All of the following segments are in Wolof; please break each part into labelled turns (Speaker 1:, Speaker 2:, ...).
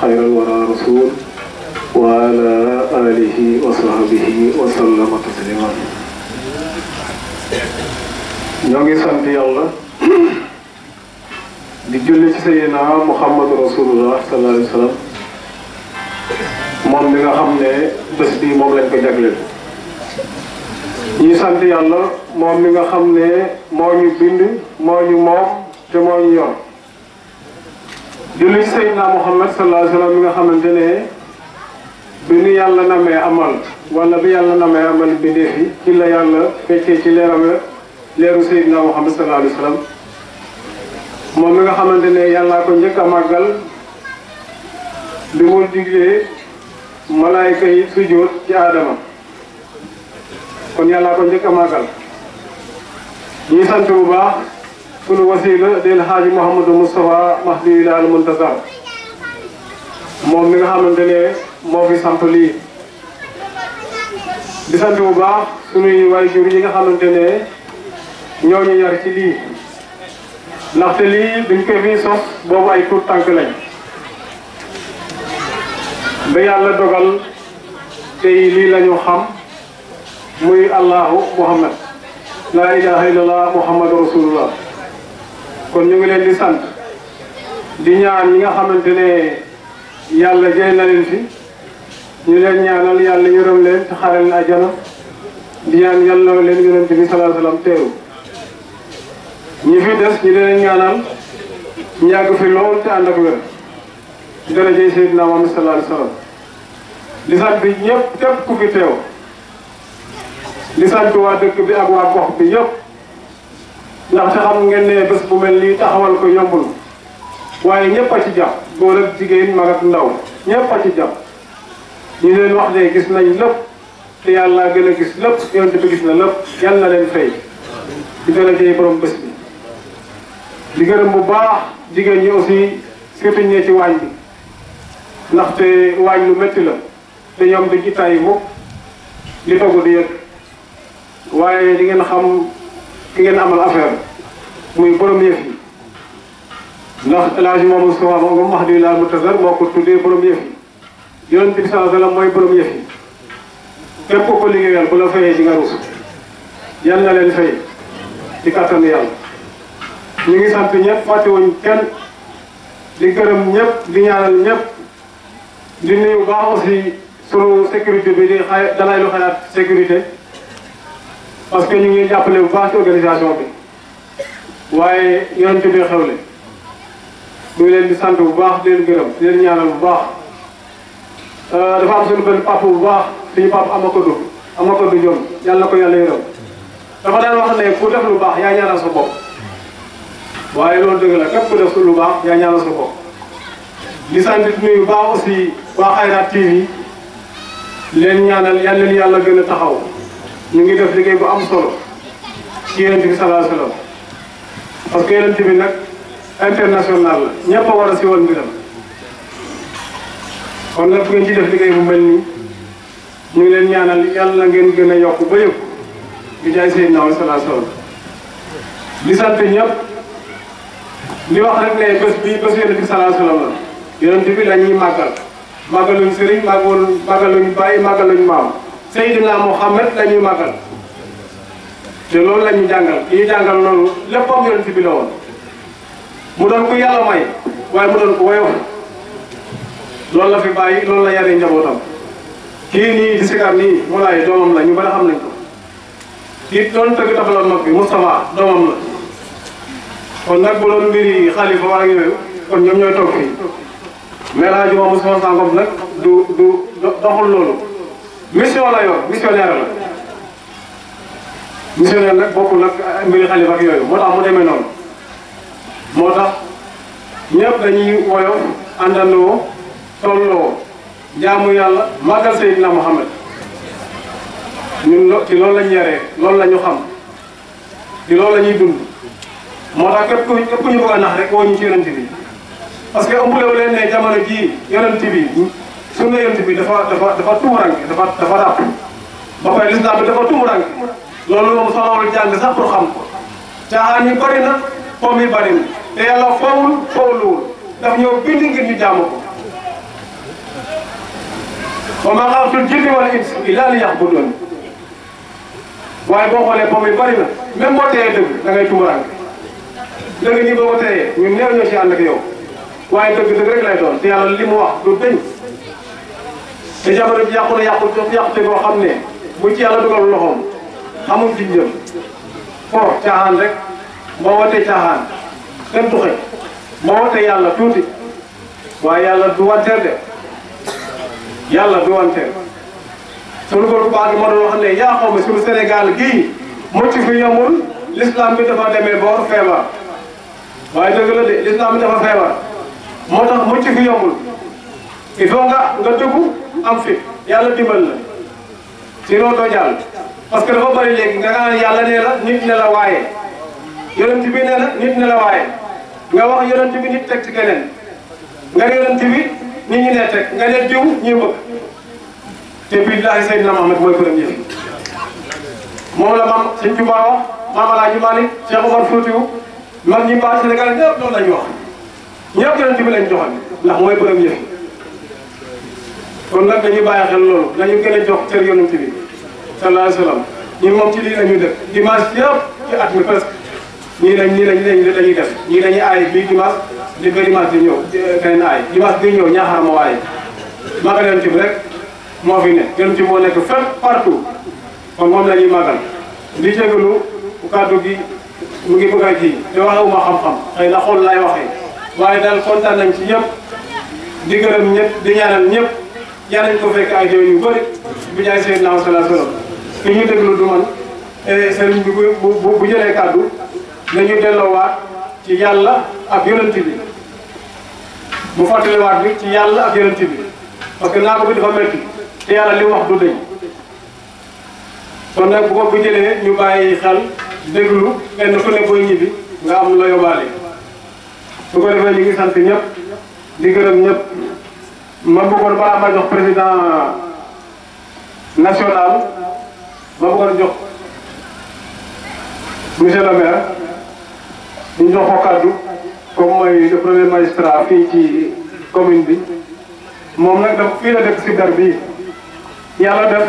Speaker 1: خير الورى رسول وعلى آله وصحبه وسلم تسليما ñoongi sant yàlla di julli a sayyidina Muhammadu Rasulullah sallallahu alayhi wa sallam moom mi nga xam ne bés bi moom lañ ko jagleel ñuy sant yàlla moom mi nga xam ne moo ñu bind moo ñu moom te moo ñu yor julli Seydina Muhammad sallallahu alayhi wa nga xamante ne bi nu yàlla namee amal wala bi yàlla namee amal bindéef yi ci la yàlla fekkee ci leeram leeru Seydina Muhammad sallallahu alayhi moom mi nga xamante ne yàllaa ko njëkk a màggal bi mu diglee malaayka yi sujjóot ci aadama kon yàllaa ko njëkk a màggal ñuy sant bu baax sunu wasila del xaaji Mouhamadou Moustapha Mahdi Ilaal Muntazar moom mi nga xamante ne moo fi samp lii di sant bu baax sunuy waajur yi nga xamante ne ñoo ñu yar ci lii ndaxte lii duñ ko fi sos boobu ay tuut tànk lañ ba yàlla dogal tey lii lañu xam muy allahu muhammad laa ilaha illallah muhammadu rasulullah kon ñu ngi leen di sant di ñaan ñi nga xamante ne yàlla jëlee na leen fi ñu leen ñaanal yàlla yërëm leen te xaare leen ajana di ñaan yàlla leen yonent bi sallallahu alayhi wasallam teew ñi fi des ñu leen ñaanal ñu yàgg fi lool te ànd ak wér daraja Seydina Muhammad sallallahu alayhi wasallam di sant ñëpp képp ku fi teew di sant waa dëkk bi ak waa gox bi yëpp ndax te xam ngeen ne bés bu mel nii taxawal ko yombul waaye ñëpp a ci jàpp góor ak jigéen mag ak ndaw ñëpp a ci jàpp ñu leen wax de gis nañ lépp te yàlla gën a gis lépp yonent gis na lépp yal na leen di gën a bi di gërëm bu baax jigéen ñi aussi surtout ñee ci waañ bi ndaxte waañ lu métti la te ñoom ci tàyyi mukk li togg di yëg waaye di ngeen xam ki ngeen amal affaire muy borom yëf yi ndax El Hadj Mamadou Moustapha moom wax dëgg yàlla mu tasar moo ko borom yëf yi yonent bi sallallahu alayhi wasallam borom yëf yi képp ko liggéeyal bu la fayee di nga rus yal na leen fay ci kàttanu yàlla. ñu ngi sant ñëpp fàttewuñ kenn di gërëm ñëpp di ñaanal ñëpp di nuyu baax aussi sunu sécurité bi di xay dalay lu xalaat sécurité. parce que ñu ngi jàppale bu baax ci organisation bi waaye yonent bi xewle ñu ngi leen di sant bu baax di leen gërëm leen ñaanal bu baax euh, dafa am suñu benn papa bu baax suñu papa Amakodou Amakodou Diom yàlla ko yàlla yërëm dafa daan wax ne ku def lu baax yaa ñaanal sa waaye loolu dëgg la képp ku def lu baax yaa ñaanal sa bopp di sant nuyu baax aussi waa TV leen ñaanal yàlla leen yàlla gën a taxaw ñu ngi def liggéey bu am solo ci yonent bi salaa salaam parce que yonent bi nag international la ñëpp a war a siwal mbiram kon nag ngeen ci def liggéey bu mel nii ñu ngi leen ñaanal yàlla ngeen gën a yokk ba yëpp di jaay seen naaw salaa salaam di sant ñëpp di wax rek ne bés bi bés yonent bi salaa salaam la yonent bi la ñuy màggal màggaluñ sëriñ màggaluñ bàyyi màggaluñ maam Seydina Muhammad la ñuy màggal te loolu la jàngal li jàngal loolu léppam yonent bi la woon mu doon ku yàlla may waaye mu doon ku woyof loolu la fi bàyyi loolu la yare njabootam kii nii di sikar nii mu laay doomam la ñu bari xam nañ ko kii doon tëgg tabaloon mag bi Moustapha doomam la kon nag bu doon mbiri xalifa waa yooyu kon ñoom ñooy toog fii mais laaj ma Moustapha Sangom nag du du doxul loolu mission la yor missionnaire la missionnaire nag bokkul nag mbiri xalifa yooyu moo tax mu demee noonu moo tax ñëpp dañuy woyof àndandoo tolloo jaamu yàlla màggal Seydina Muhammad ñun ci loolu lañ yaree loolu lañu ñu xam ci loolu la ñuy dund moo tax képp ku képp ku ñu bëgg a nax rek woo ñu ci yonent bi parce que ëmbulewu ne jamono jii yonent bi sunna yonent bi dafa dafa dafa tuumaranke dafa dafa ràpp ba pare lislaam bi dafa tuumaranke loolu moom soxlawul jàng sax pour xam ko caaxaan yi bëri na pomm yi bëri na te yàlla foowul foowluwul daf ñëw bind ngir ñu jaamu ko wa maa xalaqtul boo xoolee pomm yi bëri na même boo teyee dëgg da ngay tuumaranke nii boo ko teyee ñun néew ñoo ci yow waaye dëgg dëgg rek lay doon te yàlla li mu wax du deñ te jamono bi yàqu na yàqu yàqute boo xam ne bu ci yàlla dugal loxoom xamuñ fi jëm foo caaxaan rek moo wate caaxaan kenn du xëy moo wate yàlla tuuti waaye yàlla du wanteer de yàlla du wanteer sunu góor bu baax gi ma doon wax ne yaa xaw ma sunu Sénégal gii mucc fi yamul l'islam bi dafa demee boor feebar waaye dëgg la de l'islam bi dafa feebar moo tax mucc fi yamul il faut nga nga dëggu am fit yàlla dimbal la si sinon doo jàll parce que dafa bëri léegi nga naan yàlla nee nit ne la waaye yonent bi nee na nit ne la waaye nga wax yonent bi nit teg ci nga ne yonent bi nit ñi ne teg nga ne diw ñuy bëgg te billaahi Seydina Muhammad mooy premier bi moom la maam Sëñ Tuubaa wax maam Alaaji Maalik Cheikh Omar Foutiyou mag ñi baax Sénégal ñëpp loolu la ñu wax ñëpp yonent bi lañ joxoon ndax mooy premier bi kon nag dañu bàyyi xel loolu dañu gën a jox cër yonent bi sallallahu alayhi wa sallam moom ci lii la ñuy def dimanche yëpp ci at mi presque nii dañ ñii dañ dañuy dañuy def ñii dañuy aay bii dimanche li ba di ñëw keneen eh, aay dimanche di ñëw ñaaxaar moo aay magal yonent bi rek moo fi ne yonent bi moo nekk fépp partout kon moom la ñuy magal di jégalu kàddu gi mu ngi bëgg a ji te waxewuma xam-xam xëy na xool lay waxe waaye daal kontaan nañ ci ñëpp di gërëm ñëpp di ñaanal ñëpp. yal nañu ko fekk ay jëw yu bëri bu jaay seen naaw salaa salaam li ñu déglu du man eh, sëriñ bi bu bu bu jëlee kàddu nañu delloowaat ci yàlla ak yonent bi bu fàttaliwaat bi ci yàlla ak yonent bi parce que naa ko bi dafa métti te yàlla li wax du dëñ kon nag bu ko bu jëlee ñu bàyyi xel déglu kenn ku ne booy ñibbi nga am la yóbbaale bu ko defee ñu ngi sant ñëpp di gërëm ñëpp. ma bëggoon balaa ma jox président national ma bëggoon jox monsieur le maire jox ko kaddu ci commune bi moom nag daf fii la def si dar bii yàlla def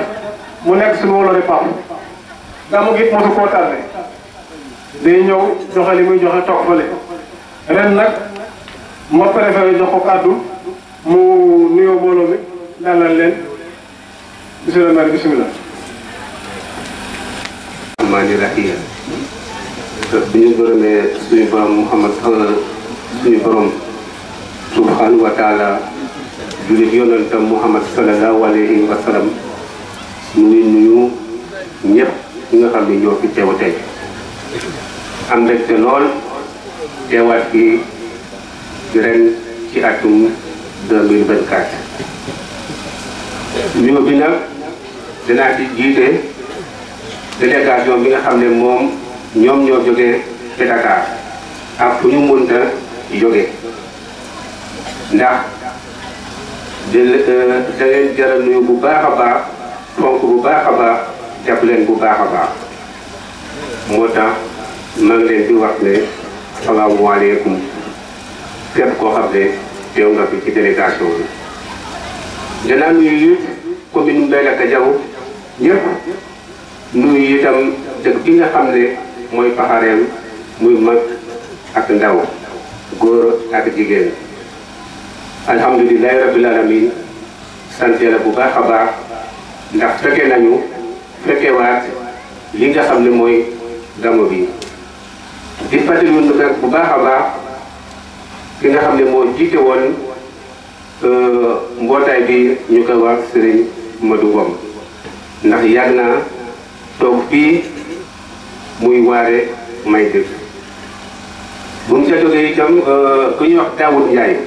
Speaker 1: mu nekk suñu wala réparé gàmmu gi mosu koo tardé day ñëw joxe li muy joxe toog fële ren nag ma préféré jox ko kaddu. mu nuyoo mbooloo mi dalal leen monsieur le maire bisimilah. rahmaani rahiim.
Speaker 2: bi ñu suñu borom Mouhamad euh, suñu borom subhaanahu wa taala jullit yonentam Mouhamad sallallahu alayhi wa sallam ngi nuyu ñëpp ñi nga xam ne ñoo teew tey am mbégte lool teewaat gi ren ci atum. 2024. niveau bi nag dinaa ci jiite délégation bi nga xam ne moom ñoom ñoo jógee ci Dakar ak fu ñu mënta jóge ndax euh, da leen jara nuyu bu baax a baax fonk bu baax a baax jàpp leen bu baax a baax moo tax maa leen di wax ne salaamu aleykum képp koo xam ne yow nga fi ci délégation bi. danaa nuyu it commune Mbeelaka bi nga xam ne mooy Paxareen muy mag ak ndaw góor ak jigéen. alhamdulilahi rabbil alamin sant bu baax a baax ndax fekke nañu fekkewaat li nga xam ne mooy gamo bi di fàttali woon nag bu baax a baax. ki nga xam ne moo jiite woon euh, mbootaay bi ñu koy wax Serigne Madou Wam ndax yàgg naa toog fii muy waare may dëgg bu mu ca jógee itam euh, ku ñuy wax Daoud Ndiaye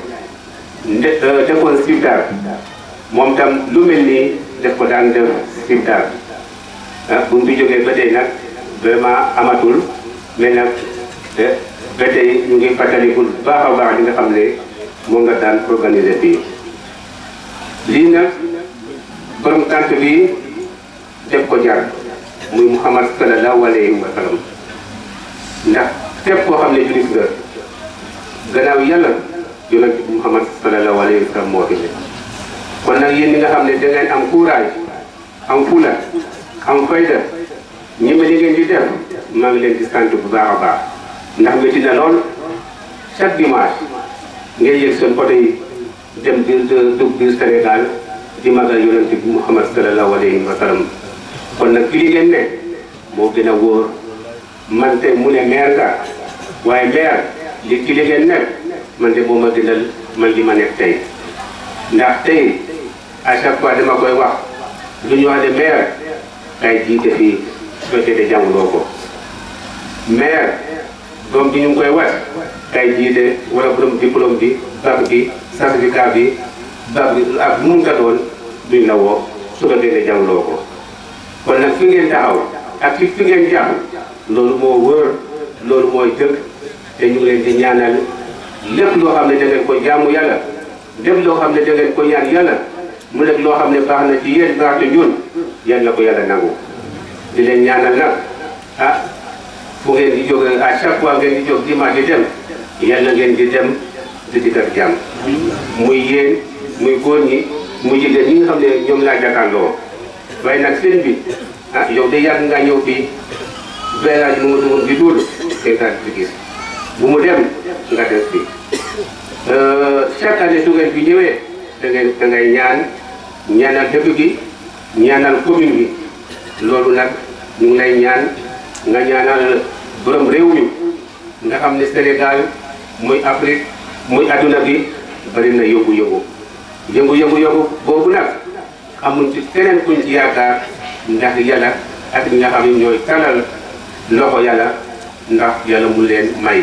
Speaker 2: nde euh, defoon sibdaar moom tam lu mel nii def ko daan def sibdaar ah bu mu fi jógee ba tey nag vraiment amatul mais nag eh, ba tey ñu ngi fàttaliku bu baax a baax li nga xam ne moom nga daan organiser fii lii nag borom tànt bi def ko jar muy Muhammad sallallahu alayhi wa sallam ndax képp koo xam ne jullit nga gannaaw yàlla yonent bi Muhammad sallallahu alayhi wa moo fi kon nag yéen ñi nga xam ne da am courage am fula am fayda ñeme li ngeen di def leen di sant bu baax a baax ndax métti na lool chaque dimanche ngay yëg seen oto dem biir dugg biir Sénégal di magal yonent bi Muhammad sallallahu alayhi wa sallam kon nag fi li ngeen ne moo gën a wóor man mu ne meer nga waaye meer li fi ne man de ma gënal man li ma nekk tey ndax tey a chaque fois dama koy wax lu ñu wax de meer kay jii fii soo jëlee jànguloo ko meer. doom ji ñu ngi koy wat tey jii de wala borom diplôme bi bac bi certificat bi bac bi ak mun nga doon duñ la woo su ko defee jàngloo loolu moo wër loolu mooy dëkk te ñu leen di ñaanal lépp loo xam ne da ko jaamu yàlla lépp loo xam ne da ko ñaan yàlla mu nekk loo xam ne baax na ci yéen baax na ñun yal na ko yàlla nangu di leen ñaanal nag ah. bu ngeen di jóg à chaque fois ngeen di jóg maa di dem yal na ngeen di dem di dikk ak jàmm muy yéen muy góor ñi muy jigéen ñi nga xam ne ñoom laa jàkkaarloo waaye nag seen bi ah yow de yàgg nga ñëw fii village bi mu dugg di duul te daal di gis bu mu dem nga des bi euh, chaque année su ngeen fi ñëwee da ñaan ñaanal dëkk gi ñaanal commune bi loolu nag ñu ngi lay ñaan. nga ñaanal borom réew mi nga xam ne Sénégal muy Afrique muy adduna bi bari na yóbbu-yóbbu yëngu-yëngu-yóbbu boobu nag amuñ ci keneen kuñ ci yaakaar ndax yàlla ak ñi nga xam ne ñooy talal loxo yàlla ndax yàlla mu leen may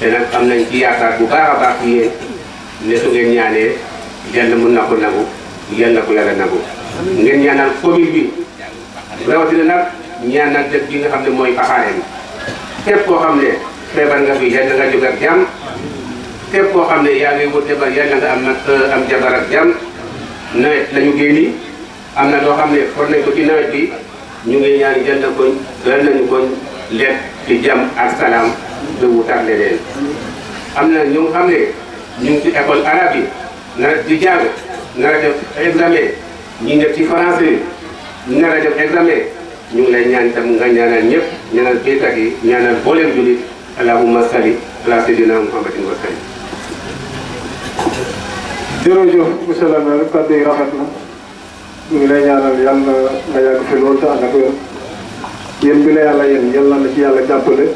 Speaker 2: te nag am nañ ci yaakaar bu baax a baax yéen ne su ngeen ñaanee yàlla mun na ko nangu yàlla ko yàlla nangu ngeen ñaanal commune bi rawatina nag ñaan ak dëkk bi nga xam ne mooy paxaareen képp koo xam ne feebar nga fi yàlla nga jóg jàmm képp koo xam ne yaa ngi wut jabar yàlla nga am euh, am jabar ak jàmm nawet la génni am na loo xam ne for nañ ko ci nawet bi ñu ngi ñaan jënd koñ gën nañu koñ lekk ci jàmm ak salaam du wutal leneen am na ñu xam ne ñu ngi ci école arabe yi nar di jàng nar a def examen ñi nekk ci français na a def examen ñu ngi lay ñaan itam nga ñaanal ñëpp ñaanal béykat yi ñaanal booleem julit allahumma salli ala sayyidina muhammadin wa sallim.
Speaker 1: jërëjëf monsieur le maire kàddu yi rafet na ñu ngi lay ñaanal yàlla nga yàgg fi loolu te yoon yéen bi la yàlla yéen yàlla na ci yàlla jàppale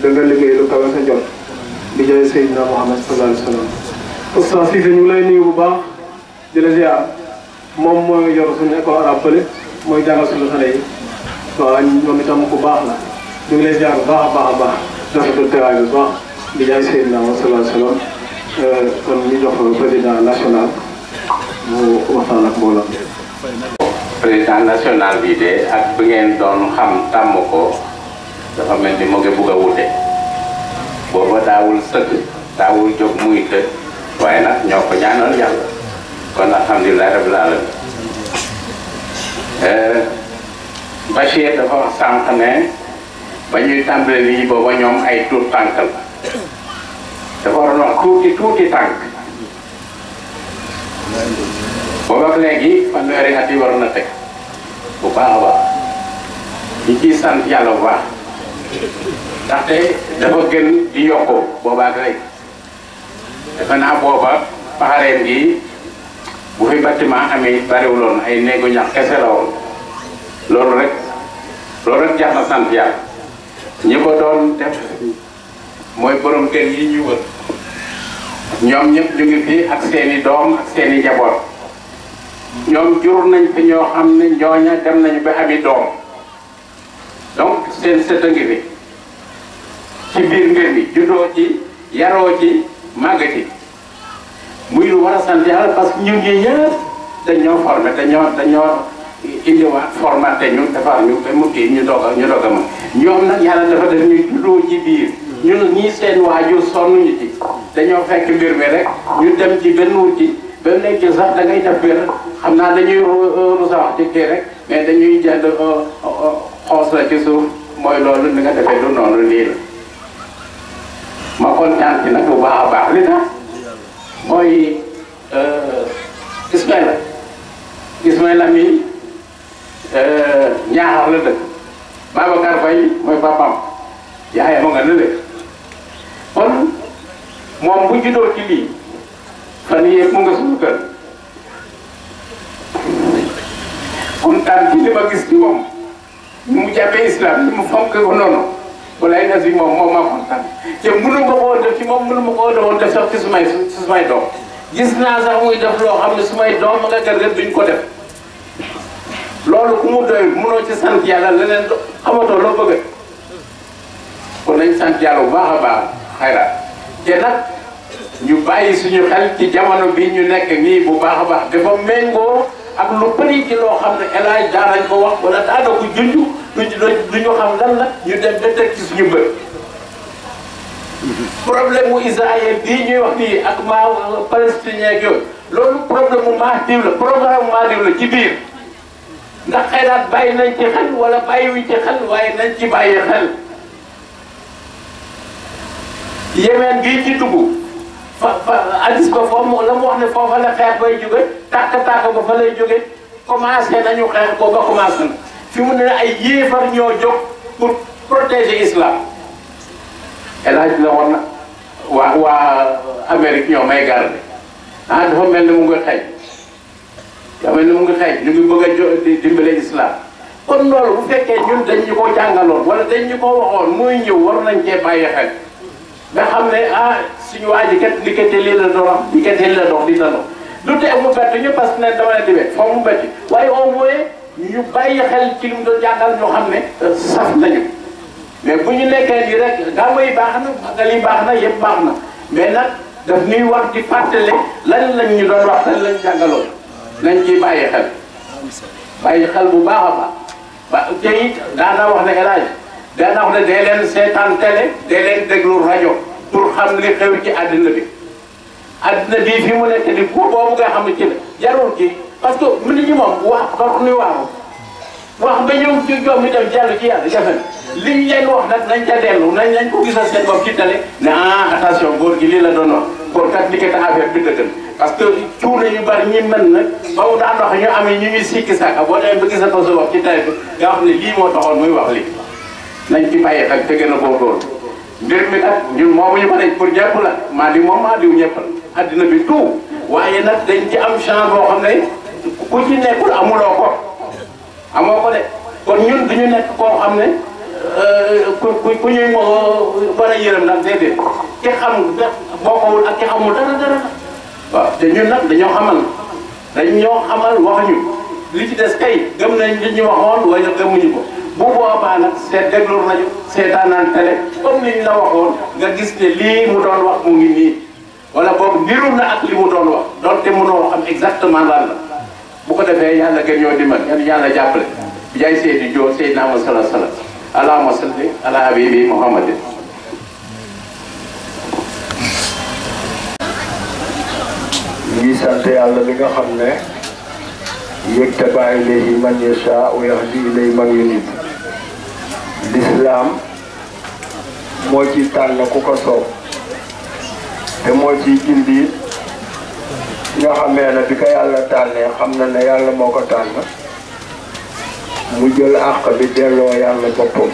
Speaker 1: da nga liggéey lu kawe sa jot di jaay Muhammad sallallahu alayhi wa sallam. Oustaz ñu lay nuyu bu baax di la moom mooy yor suñu école arabe fële mooy jàngal suñu xale yi. waaw euh, ñoom itam ku baax la ñu ngi lay baax baax baax rafetlu teewaay bu baax di jaay Seydina salaam salaam euh, kon ñu jox président national
Speaker 3: mu waxtaan ak mbooloo. président national bi de ak bi doon xam tàmm ko dafa mel ni mu ngi bugg a wute booba daawul sëgg daawul jóg muy të waaye nag ñoo ko ñaanoon yàlla kon alhamdulilah rabbil alamin euh, Bachir dafa wax sànq ba ñuy tàmbale lii booba ñoom ay tuut tànk la dafa waroon wax tuuti tuuti tànk booba ak léegi fanweeri at yi waroon na teg bu baax a baax ñi ciy sant yàlla bu baax dafa gën di yokkoo booba ak léegi defe naa booba paxareem gi bu fi bâtiment amee bariwuloon ay néegu ñax kese la loolu rek loolu rek jaax na sant yàlla ñi ko doon def mooy borom kër yi ñu wër ñoom ñëpp ñu ngi fii ak seeni doom ak seeni njaboot ñoom jur nañ fi ñoo xam ne ñooña dem nañu ba ami doom donc seen sët a ngi fi ci biir mbir mi juddoo ci yaroo ci màgg ci muy lu war a sant yàlla parce que ñun ñi ñoo formé dañ ñoo dañ ñoo indiwaat formaté ñu defar ñu ñu doog a ñu doog a dafa def ñu juddoo ci biir ñun ñii seen waajur sonn ñu ci dañoo fekk mbir mi rek ñu dem ci benn wut ci ba nekk sax da ngay def xam naa dañuy euh, rusa wax ci kii rek mais dañuy jënd euh, euh, xoos la ci suuf mooy loolu li defee du noonu lii la ma kontaan ci nag bu baax a baax li tax mooy Ismaïla Ismaïla mi ñaaxar la dëkk Babacar Faye mooy papaam yaayam a nga nële kon moom bu juddoo ci lii fan yëpp mu nga suñu kër kontaan ci li ma gis ci moom ni mu jàppee islam ni mu fonk ko noonu walaay nas bi moom moom maa kontaan te mënu ma koo def ci moom mënu ma koo doon def sax ci sumay su sumay doom gis naa sax muy def loo xam ne sumay doom nga gërgër duñ ko def loolu ku mu doy mënoo ci sant yàlla leneen xamatoo loo bëgg kon nañ sant bu baax a baax xayraat te nag ñu bàyyi suñu xel ci jamono bi ñu nekk nii bu baax a baax dafa méngoo ak lu bëri ci loo xam ne élaaj daanañ ko wax wala daana ko junj xam lan la ñu dem ba teg ci suñu bët problème mu Israël ñuy wax nii ak maa palestinien ak yooyu loolu problème mu Mahdi la programme Mahdi la ci biir ndax xayraat bàyyi nañ ci xel wala bàyyiwuñ ci xel waaye nañ ci bàyyi xel yemeen gii ci dugg fa fa addis ba foofu la mu wax ne foofa la xeex bay jóge tàkk-tàkk ba lay jóge commencé nañu xeex ko ba commencé na fi mu ne ay yéefar ñoo jóg pour protéger islam El Hadj la woon na waa waa Amérique ñoo may garde ah dafa mel ni mu ngi xëy. xam nga ni mu ngi xeeñ ñu ngi bëgg a jo dimbale islam kon loolu bu fekkee ñun dañ ñu ko jàngaloon wala dañ ñu ko waxoon muy ñëw war nañ cee bàyyi xel nga xam ne ah suñu waa ji kat diggante lii la doon wax la doon di tano lu tee mu parce que ne dama la demee foo mu bett waaye au moins ñu ci li mu jàngal ñu xam ne saf nañu mais bu ñu nekkee nii rek gàmmu yi baax na magal yi baax na yëpp baax mais nag daf ñuy wax di fàttali lan lañ ñu doon wax lan lañ jàngaloon nañ ci bàyyi xel bàyyi xel bu baax a baax daana wax ne El daana wax ne dee leen seetaan télé dee leen rajo pour xam li xew ci àddina bi àddina bi fi mu nekk ni bu boobu nga xam ne ci la jarul kii parce que nit ñi moom wax wax ni wax ba ñëw ci joom ni dem jàll ci yàlla jafe na liñ leen wax nag nañ ca dellu nañ lañ ko gisal seen bopp ci tale ne ah attention góor gi lii la doon wax góor kat li kat affaire bi dëgg parce que cuune yu bari ñi mel nag ba mu daan wax ñu amee ñu ngi sikki sàkka boo demee ba gisatoo sa bopp ci tale bi nga wax ne lii moo taxoon muy wax li nañ ci bàyyee ak te na a góorgóorlu mbir mi nag ñun moomuñu ma ne pour ñëpp la maa di moom maa diw ñëpp la addina bi tout waaye nag dañ ci am chance boo xam ne ku ci nekkul amuloo ko amoo ko de kon ñun du ñu nekk koo xam ne euh, ku ku ku ñuy euh, war a yërëm nag déedéet ki xam def ak ki xamul dara dara waaw te ñun nag dañoo xamal dañoo xamal wax ñu li ci des kay gëm nañ li ñu waxoon wala gëmuñu ko bu boobaa nag seet déglu rajo seetaan naan télé comme la waxoon nga gis ne lii mu doon wax mu ngi nii wala boobu niru na ak lii mu doon wax doonte mënoo xam exactement lan la. bu ko defee yàlla gën ñoo dimbal yàlla yàlla jàppale bi jaay Seydou Diop Seydina Amady Sala Sala allahumma salli
Speaker 4: ngi sant yàlla xam ne yëgtabaa lislaam moo ci tànn ku ko soob te moo ci gindi ñoo xamee ne bi ko yàlla tànnee xam na ne yàlla moo ko tànn mu jël àq bi delloo yàlla boppam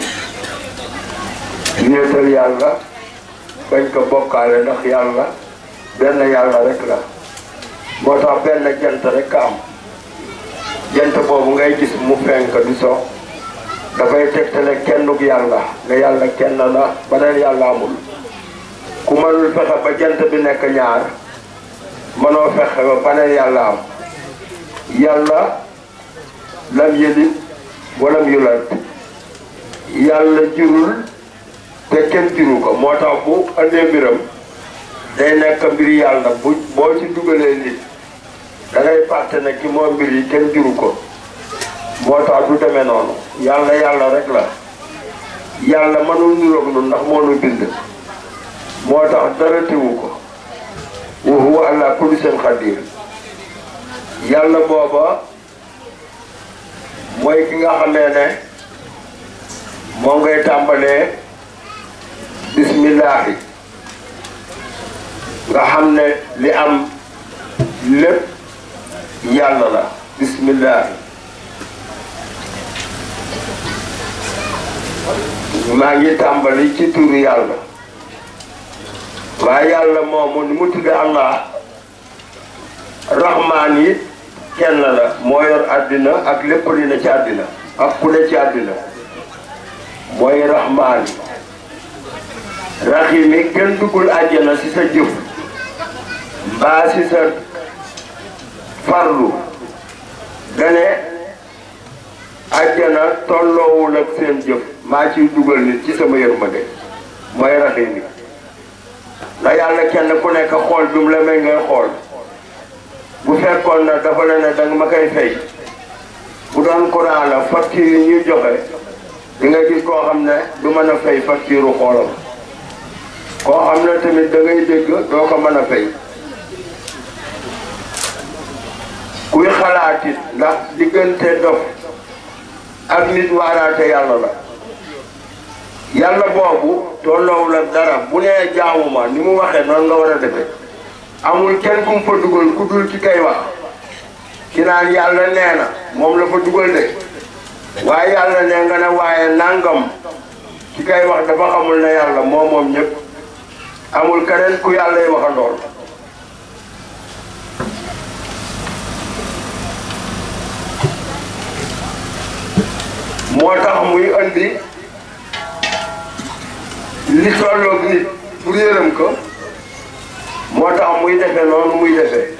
Speaker 4: wéetal yàlla bañ ko bokkaale ndax yàlla benn yàlla rek la moo tax benn jant rek ka am jant boobu ngay gis mu fenk di soo dafay tegtale kennuk yàlla ne yàlla kenn la beneen yàlla amul ku mënul fexe ba jant bi nekk ñaar mënoo fexe ba baneel yàlla am yàlla lam yëlit walam yulat yàlla jurul te kenn juru ko moo tax bu andee mbiram day nekk mbir yàlla bu boo ci dugalee nit da ngay fàtte ki moo mbir yi kenn juru ko moo tax du demee noonu yàlla yàlla rek la yàlla mënul niroog nun ndax moo nu bind moo tax dara tiwu ko wa huwa ala kulli seen xadir yàlla booba mooy ki nga xamee ne moo ngay tàmbalee bismillahi nga xam ne li am lépp yàlla la bismillahi maa ngi tàmbali ci turu yàlla waa yàlla moomu ni mu am allah rahmaan yi kenn la moo yor àddina ak lépp li ci àddina ak ku ci àddina mooy rahmaan rahim yi kenn duggul àjjana si sa jëf mbaa si sa farlu gane àjjana tolloowul ak seen jëf maa ciy dugal nit ci sama yërmande mooy rahim nga yàlla kenn ku nekk xool bi mu la may ngay xool bu fekkoon na dafa la ne danga ma koy fay bu doon courant la facture ñuy joxe di nga koo xam ne du mën a fay facture xoolam koo xam ne tamit da ngay dégg doo ko mën a fay kuy xalaatit ndax diggante dof ak nit waaraate yàlla la yàlla boobu tolloowu la dara bu nee jaamuma ni mu waxee noonu nga war a defee amul kenn ku mu fa dugal ku dul ci kay wax ki naan yàlla nee na moom la fa dugal de waaye yàlla nee nga ne waaye nangam ci kay wax dafa xamul ne yàlla moom moom ñëpp amul keneen ku yàlla yi waxandool moo tax muy andi li tolloog nit pour yërëm ko moo tax muy defee noonu muy defee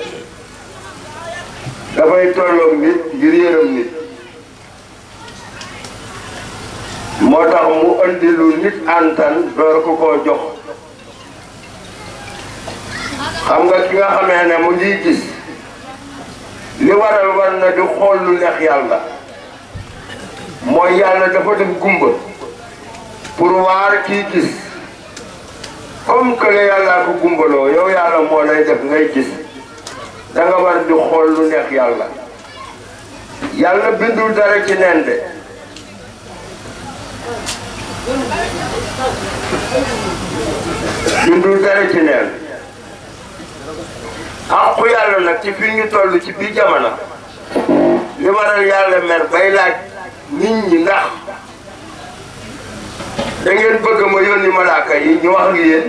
Speaker 4: dafay tolloog nit ngir yërëm nit moo tax mu andi lu nit antan door ko koo jox xam nga ki nga xamee ne mu ngi gis li waral war na di xool lu neex yàlla mooy yàlla dafa def gumba pour waar kii gis comme que la yàllaa ko gumbaloo yow yàlla moo lay def ngay gis da nga war di xool lu neex yàlla yàlla bindul dara ci neen de bindul dara ci neen àqu yàlla nag ci fi ñu toll ci biir jamono li waral yàlla mer bay laaj nit ñi da ngeen bëgg ma yónni malaaka yi ñu wax ak yéen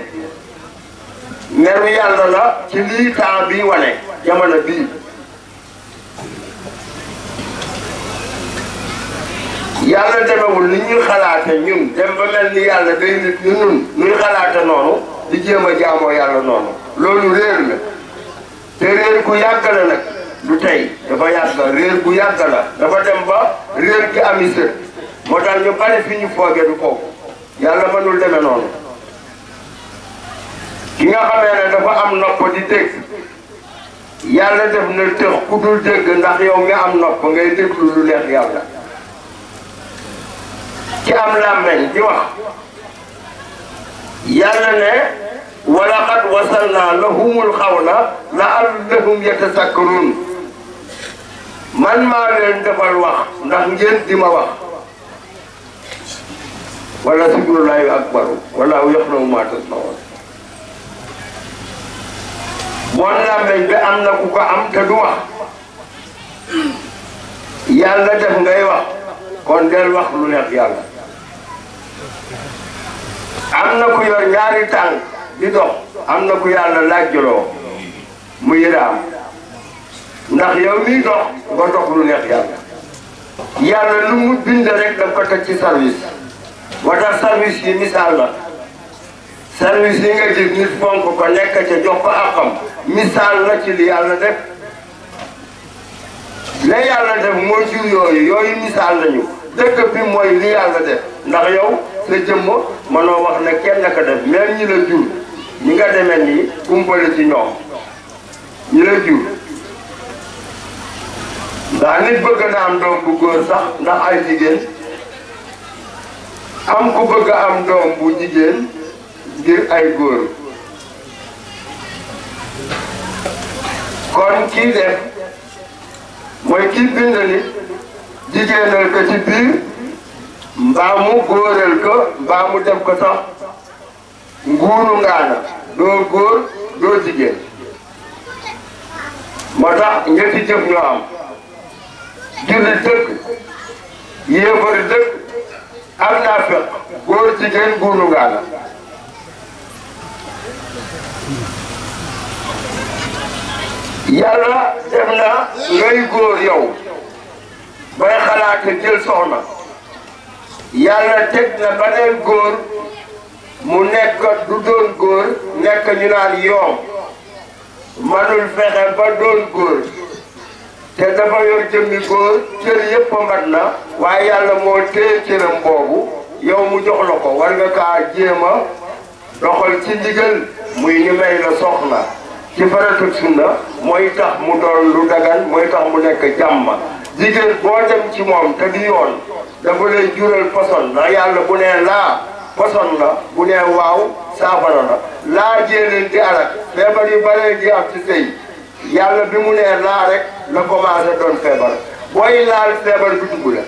Speaker 4: meru yàlla la ci lii temps bii wane jamono bii yàlla demewul ni ñuy xalaate ñun dem mel ni yàlla day nit ñu nun ñuy xalaate noonu di jéem a jaamoo yàlla noonu loolu réer la te réer ku yàgg la nag du tey dafa yàgg réer ku yàgg dafa dem ba réer gi ami moo tax ñu bari fi ñu fooge du foofu yàlla mënul deme noonu ki nga xamee ne dafa am nopp di dégg yàlla def na tëx ku dul dégg ndax yow mi am nopp ngay déglu lu neex yàlla ci am làmmeñ di wax yàlla ne walaqad wasalna lahumul xawla laallahum yatasakkarun man maa leen defal wax ndax ngeen di ma wax wala zikrullaahi akbaru wallaahu ya'lamu maa tasna'uun bon làmmeñ bi am na ku ko am te du wax yàlla def ngay wax kon del wax lu neex yàlla am na ku yor ñaari tànk di dox am na ku yàlla laaj joloo mu yëraam ndax yow miy dox nga dox lu neex yàlla yàlla lu mu bind rek daf ko teg ci service moo tax service yi misaal la service yi nga gis nit fonk ko nekk ca jox ko àqam misaal la ci li yàlla def la yàlla def moo jur yooyu yooyu misaal lañu dëkk bi mooy li yàlla def ndax yow sa jëmm mënoo wax ne kenn ka def même ñi la jur ñi nga deme nii kumpale ci ñoom ñi la jur ndax nit bëgg na am doom bu sax ndax ay jigéen am ku bëgg am doom bu jigéen ngir ay góor kon kii def mooy kii bind li jigéenal ko ci biir mbaa góoral ko mbaa mu ko sax nguuru ngaana doo góor doo jigéen moo tax ñetti jëf ñoo am julli dëkk yéefari dëkk am naa fekk góor jigéen buunu ngaa la yàlla def na ngay góor yow bay xalaat jël soxna yàlla teg na beneen góor mu nekk du doon góor nekk ñu naan yoom manul fexe ba doon góor te dafa yor jëmmi góor cër yëpp a na waaye yàlla moo téye cëram boobu yow mu jox la ko war nga kaa jéem a doxal ci ndigal muy ni na la na ci faratu sunna mooy tax mu doon lu dagan mooy tax mu nekk jàmm jigéen boo dem ci moom te di yoon dafa lay jural poson ndax yàlla bu nee laa poson la bu nee waaw saafara na laa jéeleen di alak feebar yu baree di am ci sëy yàlla bi mu nee laa rek la commencé doon feebar booy laal feebar bi dugg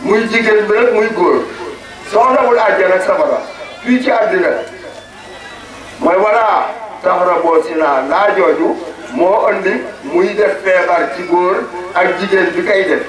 Speaker 4: muy jigéen bi muy góor soxlawul àjjana sabara fii ci àddina mooy walla taxara si naa laa jooju moo andi muy def feebar ci góor jigéen bi kay def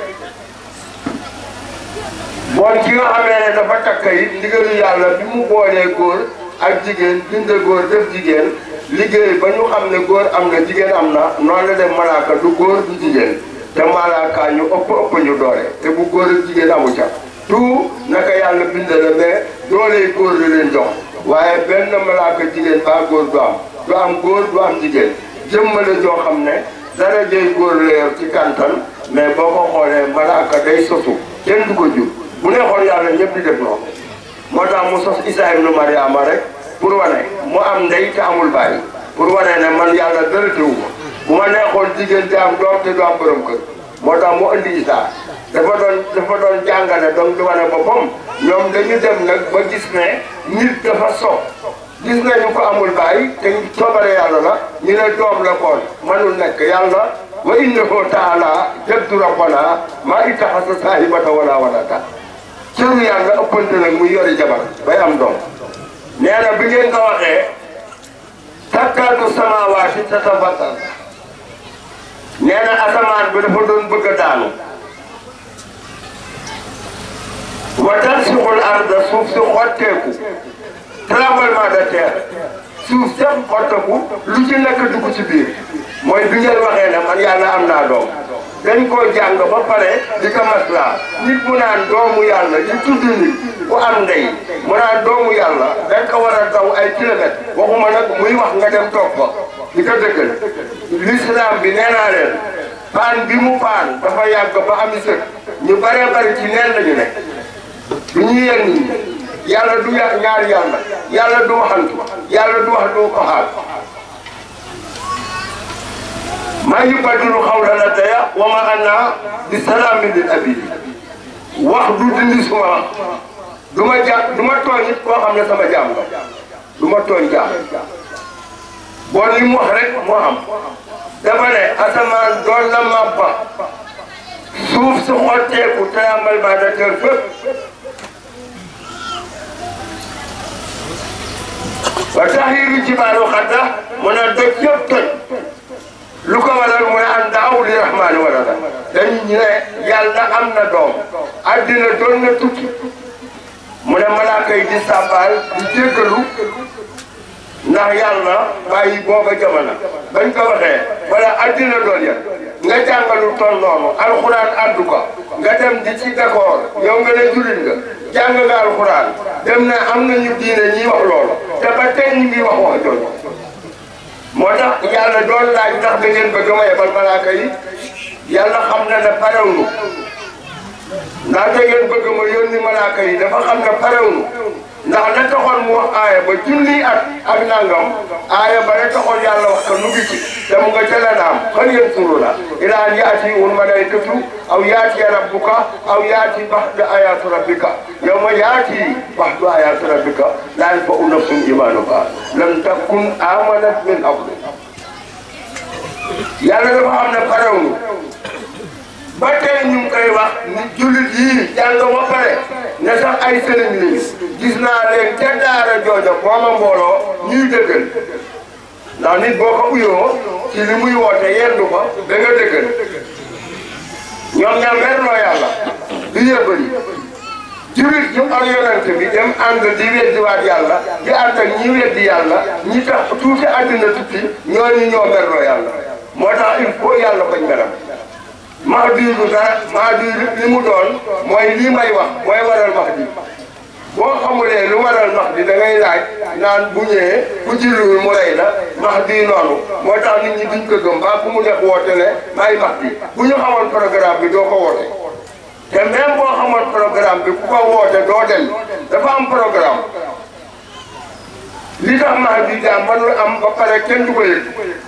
Speaker 4: bon ki nga xamee ne dafa takk yi ndigalu yàlla bi mu boolee góor ak jigéen binde góor def jigéen liggéey ba ñu xam ne góor am na jigéen am na noonu la dem malaaka du góor du jigéen te malaaka ñu ëpp ëpp ñu doole te bu góor ak jigéen amu ca tout naka yàlla binde la mais doole góor la leen jox waaye benn malaaka jigéen ba góor du am du am góor du am jigéen jëmmale joo xam ne dara jëy góor la yor ci kantan mais boo ko xoolee malaaka day sosu kenn du ko jur bu ne xool yàlla ñëpp di noonu moo tax mu sos Isaa ibnu Mariama rek pour wane mu am ndey te amul bàyyi pour wane ne man yàlla dara teewu ma bu ma neexoon jigéen te am doom te du am borom kër moo tax mu indi isa dafa doon dafa doon jàngale donc di wane boppam ñoom dañu dem nag ba gis ne nit dafa so gis nañu ko amul bàyyi te coobare yàlla la ñu ne doom la koon manul nekk yàlla wa innahu taala jaddu rabbana maa ittaxasa saahibata wala walada cëru yàlla ëppante nag muy yore jabar bay am doom nee na bi ngeen ko waxee takkaatu samaawaati tatabattal nee na asamaan bi dafa doon bëgg a daanu wa tansixul arda suuf si xotteeku tremblement de suuf sëpp xotteeku lu ci nekk dugg ci biir mooy bi ngeen waxee a man yàlla am naa doom dañ ko jàng ba pare di ko maslaa nit mu naan doomu yàlla di tudd nit ku am ndey mu naan doomu yàlla dañ ko war a daw ay kilomètre waxuma nag muy wax nga dem toog ko di ko dëggal bi nee naa leen paan bi mu paan dafa yàgg ba am sët ñu bare bari ci neen lañu nekk bu ñu yéen ñi yàlla du ñaar yàlla yàlla du waxantu yàlla du wax du ko ما يبدل قولنا تيا وما أنا بسلام من الأبي وحدود لسوا دما جا دما تون نيت كو خامنا سما جام دما تون جام بون لي مو رek mo am dama ne asamaan doon na ma ba suuf su xotteeku te amal ba da tër fépp wa taxiru jibaalu xadda mu ne dëkk yëpp lu ko waral mu ne an daaw li rahmaani waral dañu ñu ne yàlla am na doom addina doon na tukki mu ne malaaka yi di sàbbaal di jéggalu ndax yàlla bàyyi booba jamono bañ ko waxee wala addina doon ya nga jàngalu tool noonu alxuraan addu ko nga dem di ci d'accord yow nga ne jullit nga jàng alxuraan dem na am nañu diine ñiy wax loolu te ba ñu ngi wax wax jooju moo tax yàlla doon laaj tax bi ngeen bëgg ma yebal malaaka yi yàlla xam na ne parewnu ndaxte ngeen bëgg ma yónni malaaka yi dafa xam ne parewnu ndax la taxoon mu wax ba junni at ak nangam aaya ba la taxoon yàlla wax ko nu ngi ci mu nga jëla naam xan yéen suru la ilaan yaati wul malaykatu aw yaati rabbuka aw yaati baxdu ayaatu rabbika yow ma yaati baxdu ayaatu rabbika laa yanfa'u nafsun imaanuha lam takun amanat min qablu yàlla dafa am na parewnu ba tey ñu ngi koy wax ni jullit yii jàng ba pare ne sax ay sëriñ lañu gis naa leen ca daara joojo mooma mbooloo ñuy dëggal ndax nit boo ko uyoo ci li muy woote yendu ko da nga dëggal ñoom ñaar merloo yàlla du yëbbali jullit ñu ak yonent bi dem ànd di weddiwaat yàlla di ànd ak ñi weddi yàlla ñi tax tuuti àddina tukki ñooñu ñoo merloo yàlla moo tax il faut yàlla bañ melam maa duy du dara maa duy mu doon mooy lii may wax mooy waral wax ji boo xamulee lu waral max di da laaj naan bu ñëwee ku ci luul la max di noonu moo tax nit ñi duñ ko ku mu def woote ne max di bu ñu xamoon programme bi doo ko woote te même boo xamoon programme bi ku ko woote doo dem dafa am programme li tax Mahdi daa mënul am ba pare kenn du ko yëg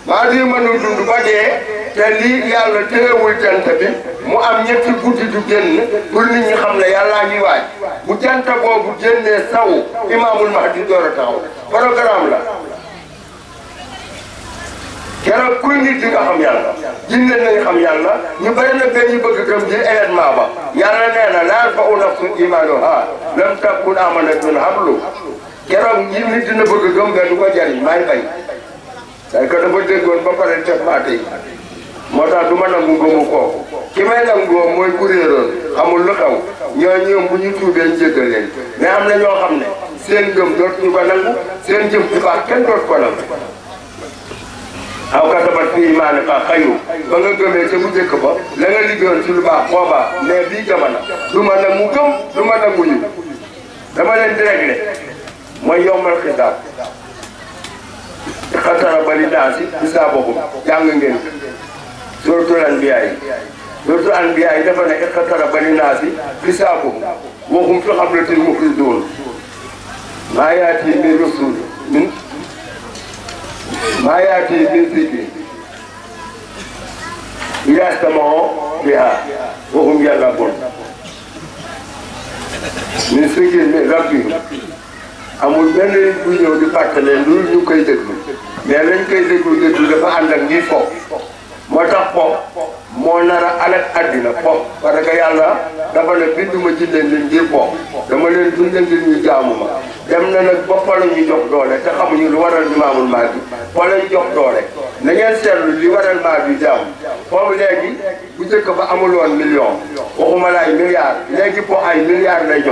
Speaker 4: Mahdi mënul dund ba dee te lii yàlla téewul jant bi mu am ñetti guddi du génn pour nit ñi xam ne yàllaa ngi waaj bu jant boobu génnee saw imaamul Mahdi door a taxaw programme la keroog kuy nit di nga xam yàlla jinne nañ xam yàlla ñu bëri na benn ñu bëgg gëm ji événement ba yàlla nee na laal fa u nafsu imaanoha lam takun amanatun hablu keroog ñi nit dina bëgg gëm nga du ko jariñ maay bay day ko dafa déggoon ba pare teg maa moo tax du ma nangu gëmu kooku ki may nangu woon mooy ku réeroon xamul lu xew ñoo ñoom bu ñu tuubee njëggal leen mais am na ñoo xam ne seen gëm dootuñu ko nangu seen jëm ci baax kenn dootu ko nangu aw ka dabat fii maa ne ba nga gëmee te bu njëkk ba la nga liggéeyoon ci lu baax boo baax mais bii jamono du ma nangu gëm du ma nangu ñu dama leen mooy yombal xisaab xasara bari daal si xisaabuhum jàng ngeen suratul anbiya yi suratul anbiya yi dafa ne xasara bari naa si xisaabuhum waxum fi xamlatin mufridun maa yaati min rasul min maa yaati min zikri yastamaoo biha waxum yàlla bon min zikri rabbihim amul benn nit buy ñëw di fàttalee lu ñu koy déglu mais lañ koy déglu déglu dafa ànd ak ñuy fo moo tax fo moo nar a alal àddina fo parce que yàlla dafa ne binduma ci leen leen ngir fo dama leen dundee ngir ñu jaamu dem na nag ba fa ñu jox doole te xamuñu lu waral limaamul maa bi fa lañ jox doole na ngeen seetlu li waral maa bi jaamu foofu léegi bu njëkk ba amul woon million waxuma la ay milliards léegi fo ay milliards lay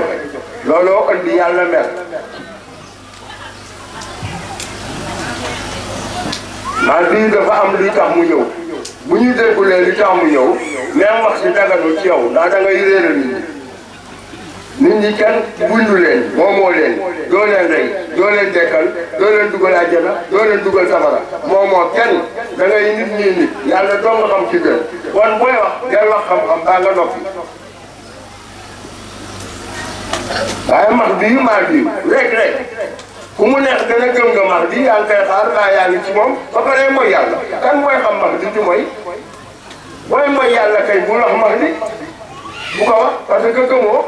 Speaker 4: maa lii dafa am li tax mu ñëw bu ñu déggulee li tax mu ñëw même wax si daganu ci yow ndax da ngay réeral nit ñi nit ñi kenn bundu leen moomoo leen doo leen rey doo leen dekkal doo leen dugal àjjana doo leen dugal safara moomoo kenn da ngay nit ñi nit yàlla doo nga xam ci gën kon booy wax del wax xam baa nga noppi waaye max bii maa bii rek rek ku mu neex gën nga max di yaa ngi koy xaar laa yaa ngi ci moom ba pare mooy yàlla kan mooy xam max di ci mooy booy mooy yàlla kay bu wax max di bu ko wax parce que gëmoo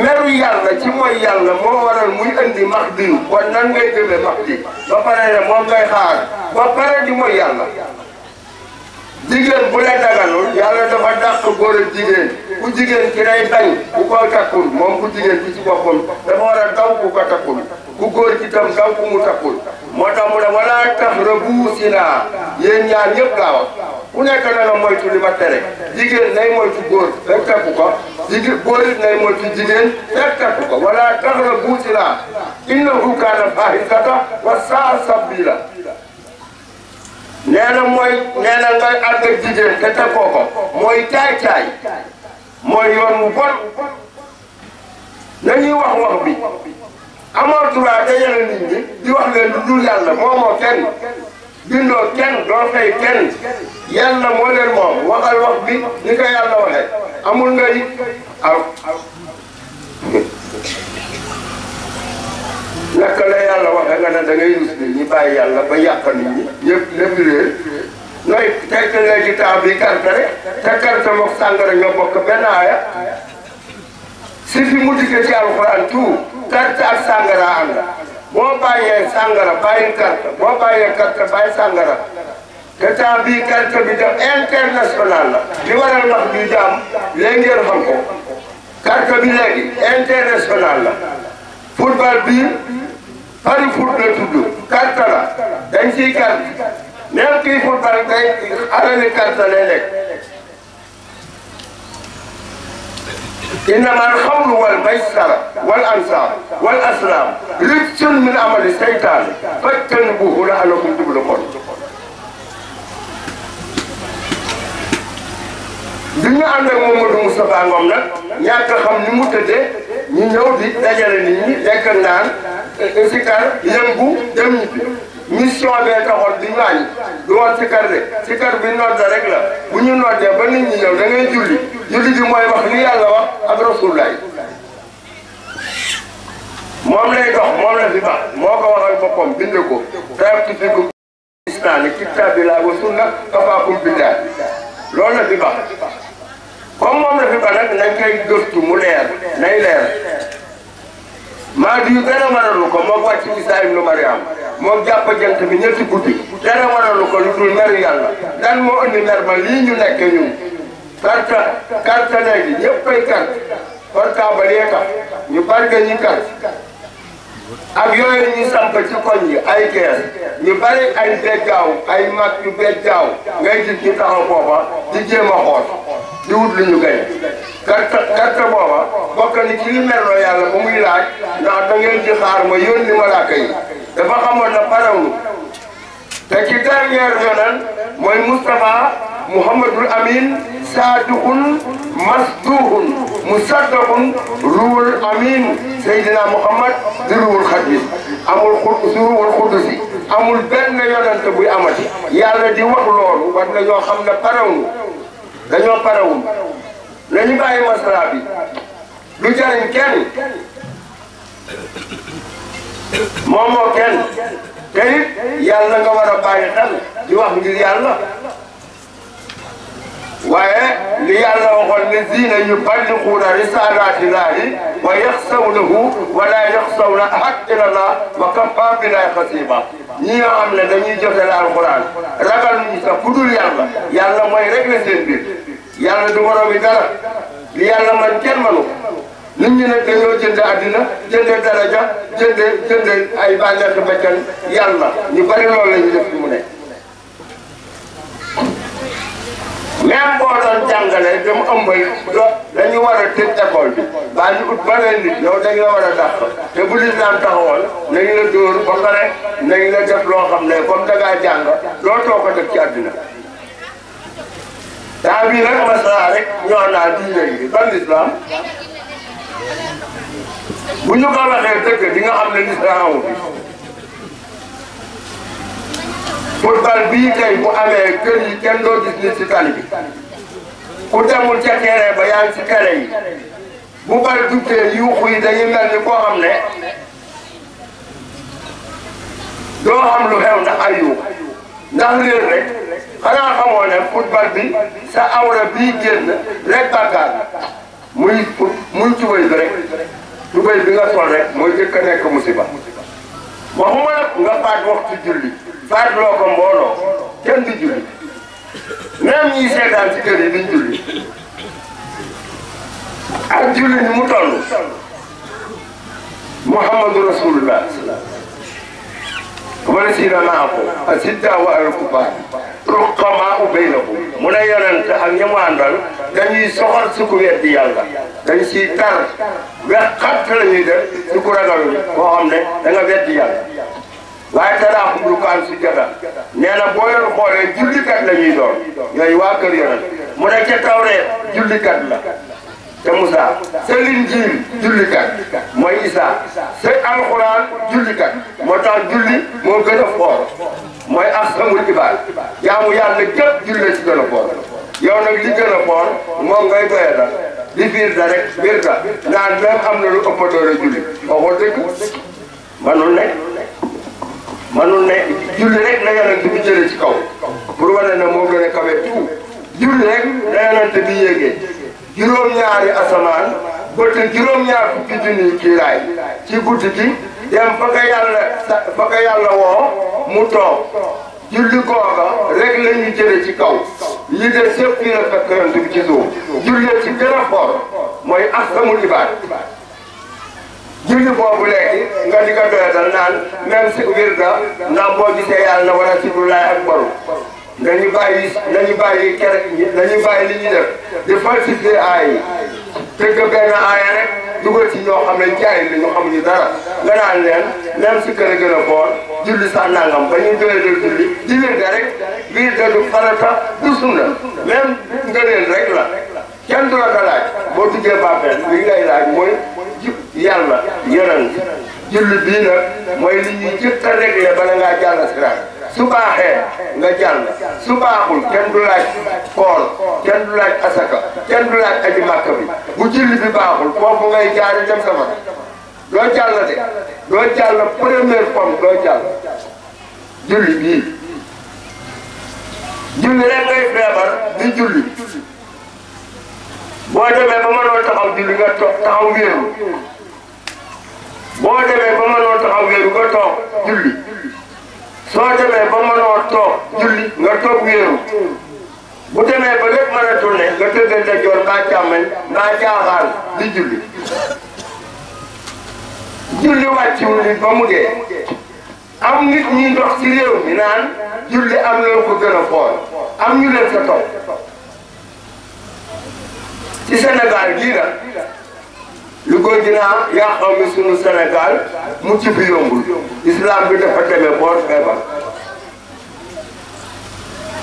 Speaker 4: meru yàlla ci mooy yàlla moo waral muy indi max di kon nan ngay gëmee max di ba pare ne moom ngay xaar ba pare di mooy yàlla jigéen bu lay daganul yàlla dafa dàq góor ak jigéen ku jigéen ki day bañ ku ko takkul moom ku jigéen bi ci boppam dafa war a daw ku ko ku góor ki tam daw ku mu takkul moo tax mu ne wala tax rabu si naa yéen ñaar ñëpp laa wax ku nekk na nga moytu li ma tere jigéen nay moytu góor fekk takku ko jigéen góor it nay moytu jigéen fekk takku ko wala tax rabu si naa innahu kaana faahisatan wa bii la nee na mooy nee na ngay ànd ak jigéen ko mooy caay caay mooy yoon wu bon nañuy wax wax bi amoo droit dajale nit ñi di wax leen lu dul yàlla moomoo kenn bindoo kenn doo fay moo leen moom waxal wax bi ni ko yàlla waxee amul na it aw. naka la yàlla waxee nga ne da ngay rus nit ñi bàyyi yàlla ba yàq ñi ñëpp lépp leen nooy tekk nga ci taa bi carte rek te carte moom sàngara ñoo bokk benn aaya si fi mu dikkee alxuraan tout carte ak sàngara ànd boo bàyyee sàngara bàyyi carte boo bàyyee carte bàyyi sàngara te taa bi carte bi def international la li waral wax bi jaam léegi ngeen ko carte bi léegi international la football bi bari fut la tudd karta la dañ siy kart même kii football ngay alali karta lay إنما الخمر والميسر والأنصار والأسلام رجل من عمل الشيطان فاجتنبوه لعلكم تبلغون bi ñu ànd ak Mamadou Moustapha Ngom nag ñàkk xam ni mu tëddee ñu ñëw di dajale nit ñi lekk naan sikar yëngu dem ñibbi mission bee taxoon di ñaañ du woon sikar de sikar bi nodda rek la bu ñu noddee ba nit ñi ñëw da julli julli bi mooy wax li yàlla wax ak rasulullah moom lay dox moom la fi baax moo ko waxal boppam bind ko practique ko islaam kitaab bi laa ko sunna kafaakum billaah loolu la fi baax comme moom la fi ba nag nañ koy gëstu mu leer nay leer ma di dara waralu ko moom wàcc Isaa ibnu Mariam moom jàpp jant bi ñetti guddi dara waralu ko lu dul mer yàlla dan moo mer ma lii ñu nekk ñun karta karta léegi ñëpp ay kart portable yee tax ñu barke ñi kart ak yooyu ñu samp ci koñ bi ay kees ñu bari ay bejjaaw ay mag yu bejjaaw ngay gis ñu taxaw booba di jéem a xool di wut lu ñu gañ gerte gerte booba bokk ni ci li melloo yàlla ba muy laaj ndax da ngeen di xaar ma yónni malaaka yi dafa xamoon na parewul te ki dernier yonan mooy Moustapha Mouhamadul Amin saadiqun masduhun musaddaqun ruwul amin Seydina Mouhamad di ruwul xadim amul xud ruwul xudusi buy amati yàlla di wax loolu war na ñoo xam ne lu jariñ kenn moomoo kenn te it yàlla nga war a bàyyi di wax ngir yàlla waaye li yàlla waxoon ne diina yuballighuuna risaalaati laahi wa yaxsawnahu wa laa yaxsawna ahad illa llaah wa kafaa billaahi hasiiba ñi nga xam ne dañuy joxe la alquran ragal ñu sax ku dul yàlla yàlla mooy régler seen biir yàlla du moroom bi dara li yàlla man kenn manu nit ñi nag dañoo jënd àddina jëndee daraja jëndee jëndee ay bànneexi bakkan yàlla ñu bari loolu la ñu def mu ne. même boo doon jàngalee dem ëmbal do dañu war a tëj école bi baa ñu ut beneen nit yow dañu la war a dàq te bu lislaam taxawoon nañu la dóor ba pare def loo xam ne comme da ngaa jàng loo too ko def ci àddina. bi bii nag masala rek ñoo naa diine yi ban lislaam bu ñu ko waxee dëgg di nga xam ne lislaam amul football bii kay bu amee kër yi kenn doo gis nit ci bi ku demul ca terrain ba yaa ci terrain yi bu bal duggee yuuxu yi dañuy mel ni koo xam ne doo am lu xew ndax ay yuux ndax rek xanaa xamoo ne football bi sa awra bii génn rek bàkkaar muy muy tubay bi rek tubay bi nga sol rek mooy jëkk a nekk musiba waxuma nag nga faat waxtu julli faat loo ko mbooloo kenn du julli même ñi seetaan ci kër yi duñ julli ak julli ni mu toll muhammadu rasulullah walasina maahu asidda wa alkubar ruqamaa baynahum mu ne yonent ak ñi mu àndal dañuy soxor su ku weddi yàlla dañ siy tar wexxat la ñuy def su ku ragalul koo xam ne da nga weddi yàlla waaye taraaxum rukaan sujjada nee na boo yor xoolee jullikat la ñuy doon ñooy waa kër yonent mu ne ca tawreet jullikat la te Moussa sa Linjiil jullikat mooy Isa sa alxuraan jullikat moo tax julli moo gën a foor mooy ahsanul ibaad jaamu yàlla gépp julli ci gën a foor yow nag li gën a ngay doye da li biir da rek biir da naan même am na lu ëpp doole julli waxoo dëgg manul ne manul ne julli rek na yonent bi jële ci kaw pour wane ne moo gën a kawe tout julli rek na yonent bi yéegee juróom-ñaari asamaan bëtt juróom-ñaar fukki junniy kiiraay ci guddi gi dem fa yàlla fa ka yàlla woo mu toog julli googa rek la jële ci kaw li des yëpp fii la fekk yonent bi ci suuf jullee ci gën a for mooy ahkamul ibaad julli boobu léegi nga di ko doyatal naan même si wirda naam boo gisee yàlla na wala si du laay nañu bàyyi nañu bàyyi kere nañu bàyyi li ñuy def di falsifier aay yi tëgg benn aaya rek dugal ñoo xam ne jaay la ñu xamuñu dara nga naan leen même si kër gën a boor julli sax nangam ba ñu doyee dal julli di wér da rek biir da du farata du sunna même ngëneel rek la kenn du la ko laaj boo duggee bàmmeel li ngay laaj mooy yàlla yërën julli bii nag mooy li ñuy jëkk a réglé bala ngaa jàll siraat su baaxee nga jàll su baaxul kenn du laaj koor kenn du laaj asaka kenn du laaj aji màkk bu julli bi baaxul foofu ngay jaari dem sama doo jàll de doo jàll première pomme doo jàll julli bii julli rek ngay feebar di julli boo demee ba mënoo taxaw julli nga toog taxaw wéeru boo demee ba mënoo taxaw wéeru nga toog julli soo demee ba mënoo toog julli nga toog wéeru bu demee ba lépp mën a tourné nga tëddal da joor mbaa càmmañ mbaa jaaxaan di julli julli wàcciwul nit ba mu dee am nit ñi ndox ci réew mi naan julli am na ko gën a xool am ñu leen sa topp ci Sénégal gii nag lu ko dinaa yàqaw mi sunu Sénégal mu ci fi islam bi dafa demee boor feebar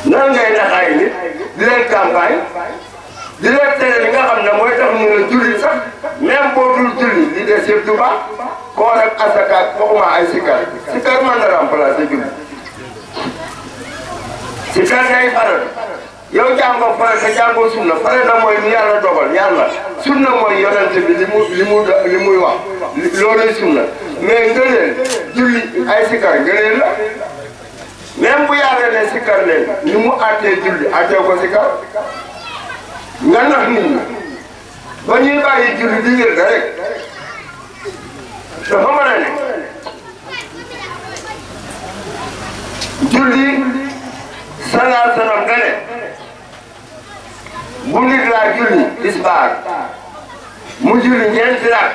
Speaker 4: nan ngay naxaay nit di leen campagne di nga xam ne mooy tax ñu ne julli sax même boo dul julli li des yëpp du baax koo rek asakaat waxuma ay sikar sikar mën na remplacer julli sikar ngay yow jàngoo pare te jàngoo sunna pare na mooy yàlla dogal yàlla sunna mooy yonente bi li mu li mu li muy wax sunna mais ngëneel julli ay sikkar ngëneel la même bu yàlla ne sikkar leen ni julli àttee ko sikkar nga nax nit ñi julli di yër rek dafa mën a julli salaam salaam da bu nit laa julli tisbaar mu julli ñeenti rak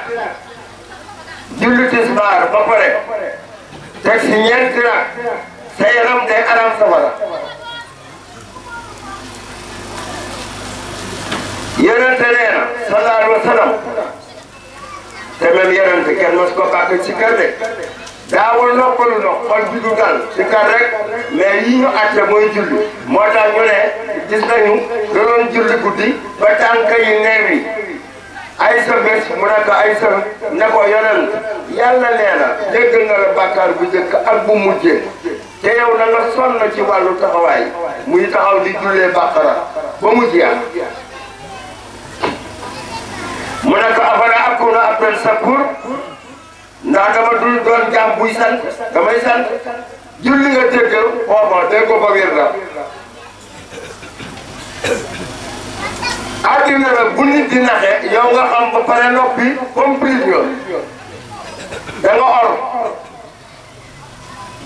Speaker 4: julli tisbaar ba pare teg si ñeenti rak sa yaram day aram safara yonente nee na sallallahu alayhi wa sallam te même yonente kenn mos ko bàkk ci kër daawul noppalu ndox xol bi du dal ci kar rek mais yi ñu àtte mooy julli moo tax ñu ne gis nañu da doon julli guddi ba tànk yi neew yi ay sa bés mu ne ay sa ne ko yonent yàlla nee na jéggal na la bàkkaar bu njëkk ak bu mujjee te yow na nga sonn ci wàllu taxawaay muy taxaw di jullee bàqara ba mu jeex mu ne ko afala akuna abdan sakur ndax dama dul doon jàmm buy sant damay sant julli nga déggal xooma dégg ko fa wér la addina la bu nit di naxe yow nga xam ba pare noppi complice nga or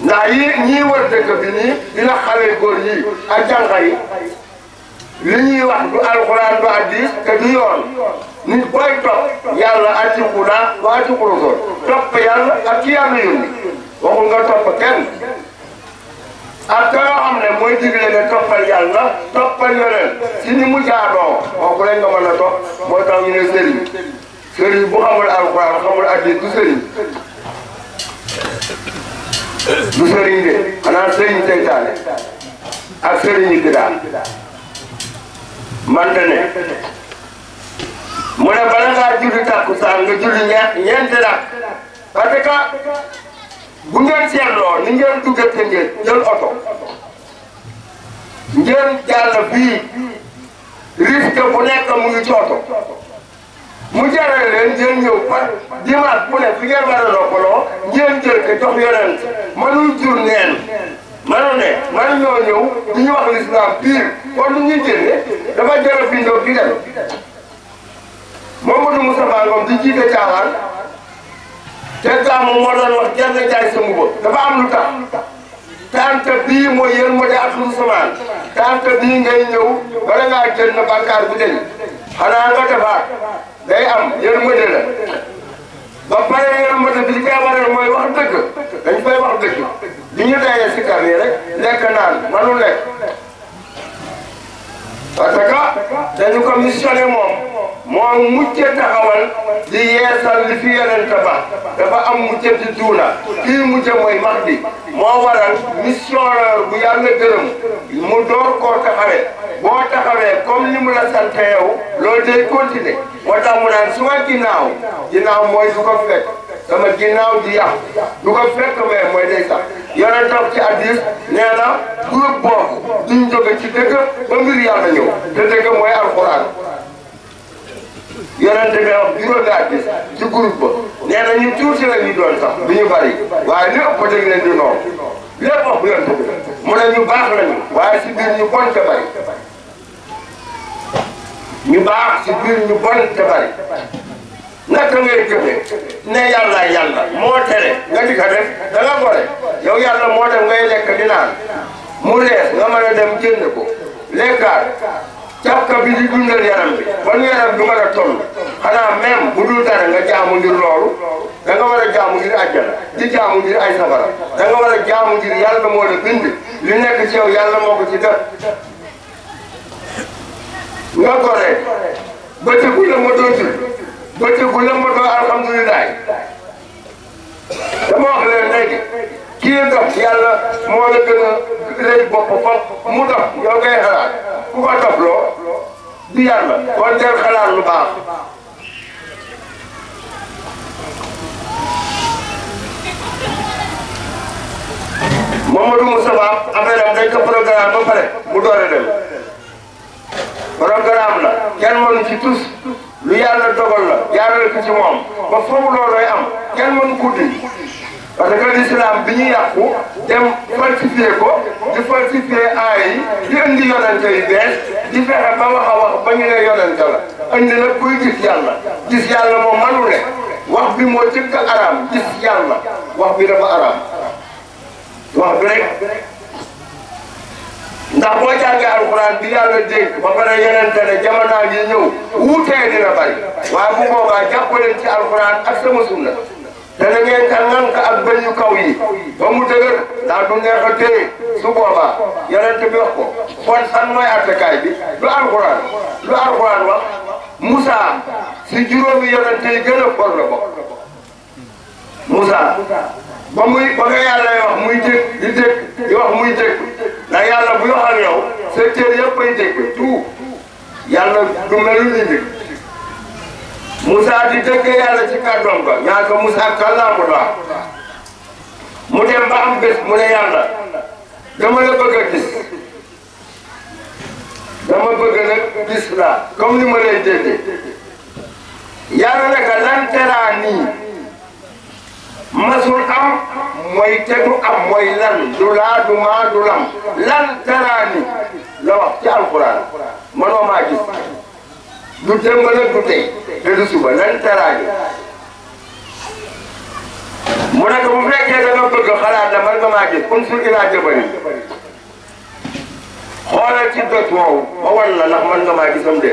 Speaker 4: ndax yi ñii war dëkk bi nii dina xale góor yi ak jànqa yi li ñuy wax du alxuraan du hadiis te du yoon nit booy yàlla atiku naa wa atiku rasul topp yàlla ak ki yàlla yónni waxul nga topp kenn ak ka nga xam ne mooy digle ne toppal yàlla toppal yoneen ci ni mu jaadoo waxu leen nga mën a topp moo tax ñu ne sëriñ sëriñ bu xamul alxuraan xamul hadiis du sëriñ du sëriñ de xanaa sëriñ seytaane ak sëriñu biddaa man da ne mu ne bala ngaa julli takkusaan nga julli ñeent ñeenti rakk parce que bu ngeen seetloo ni ngeen duggante ngeen jël oto ngeen jàll bii risque bu nekk mu ngi ci mu jaral leen ngeen ñëw par dimanche bu ne fi ngeen war a noppaloo ngeen jël ko jox jur neen mënoon ne mënoon ñoo ñëw di ñu wax l'islam pire kon lu ñuy jëndee dafa jar a bindoo di dem Mamadou Moustapha moom di jiite caaxaan te gàmmu moo doon wax jar nga jaay sa mbuba dafa am lu tax tante bii mooy mo moo di atum samaan tante bii ngay ñëw bala ngaa jënd bàkkaar bu deñ xanaa nga defaat day am yéen mëne la ba pare yéen mëne bi li koy waral mooy wax dëgg dañ koy wax dëgg li ñu si kar rek lekk naan manu lekk parce que dañu ko moo mujje taxawal di yeesal li fi ba dafa am mujje di duuna kii mujje mooy Mahdi moo waral missionnaire bu yàlla gërëm mu door koo taxawee boo taxawee comme ni mu la sant yow loolu day continuer moo tax mu naan suma ginnaaw ginnaaw mooy du ko fekk sama ginnaaw di yàqu du ko fekk mais mooy day sax yore toog ci addis nee na groupe boobu duñ ci dëgg ba mbir yàlla ñëw te dëgg mooy alxuraan yonente bi wax juróomi addis ci groupe ba nee na ñu la ñu doon sax du ñu bari waaye li ëpp dëgg leen di noonu lépp ëpp leen dëgg mu ne ñu baax lañu waaye si biir ñu bon te bari ñu baax si biir ñu bon te
Speaker 5: bari
Speaker 4: na ngay jëfee ne yàlla yàlla moo tere nga di ko def da la gore yow yàlla moo dem ngay lekk di naan mu rees nga mën a dem jënd ko lekkaat càkka bi di dundal yaram bi ban yaram bi mën a toll xanaa même bu dul dara nga jaamu ngir loolu nga war a jaamu ngir àjjana ay safara da nga war a jaamu moo la bind li nekk ci yow yàlla moo ko ci nga gore ba tegu la ma doon bëccëg bu lëmbatoo alhamdulilah dama wax leen léegi kii dox yàlla moo la gën a lay bopp fa mu dox yow ngay xalaat ku ko dox loo di yàlla kon del xalaat lu baax Mamadou Moustapha affaire am dañ ko programme ba pare mu door a dem programme la kenn mënu ci tous lu yàlla dogal la jaarale ko ci moom ba foofu loolooy am kenn mën ko dindi parce que bi ñu yàqu dem falsifier ko di falsifier aay yi di indi yonente yu bees di fexe ba wax a wax ba ñu ne yonente la indi nag gis yàlla gis yàlla ma manu ne wax bi moo jëkk araam gis yàlla wax bi dafa araam wax bi ndax boo jàngee alxuraan bi yàlla dégg ba pare yeneen ne jamono yi ñëw wuutee dina bari waaye bu boobaa jàpp leen ci alxuraan ak sama sunna dana ngeen ka nank ak bëñ yu kaw yi ba mu dëgër ndax du neex a téye su boobaa yeneen bi wax ko kon san mooy attekaay bi lu alxuraan lu alxuraan wax Moussa si juróomi yeneen yi gën a for la bokk ba muy ba nga yàlla wax muy jëkk di jëkk di wax muy jëkk ndax yàlla buy wax ak yow sa cër yëpp ay jëkk tout yàlla du melu ni nit Moussa di dëggee yàlla ci kàddoom ba ñaan ko Moussa kàllaamu daa mu dem ba am bés mu ne yàlla dama la bëgg a gis ma bëgg nag gis la comme ni ma lay déggee yàlla ne ka lan masul am mooy te du am mooy lan lan taraani la wax ci alquran mënoo maa gis du démb nag du tey te du suba lan taraani mu ne ko bu fekkee da nga bëgg xalaat na man nga maa gis kun sur ilaa jabari xoolal ci dot woowu ma wan la ndax man nga maa gisam de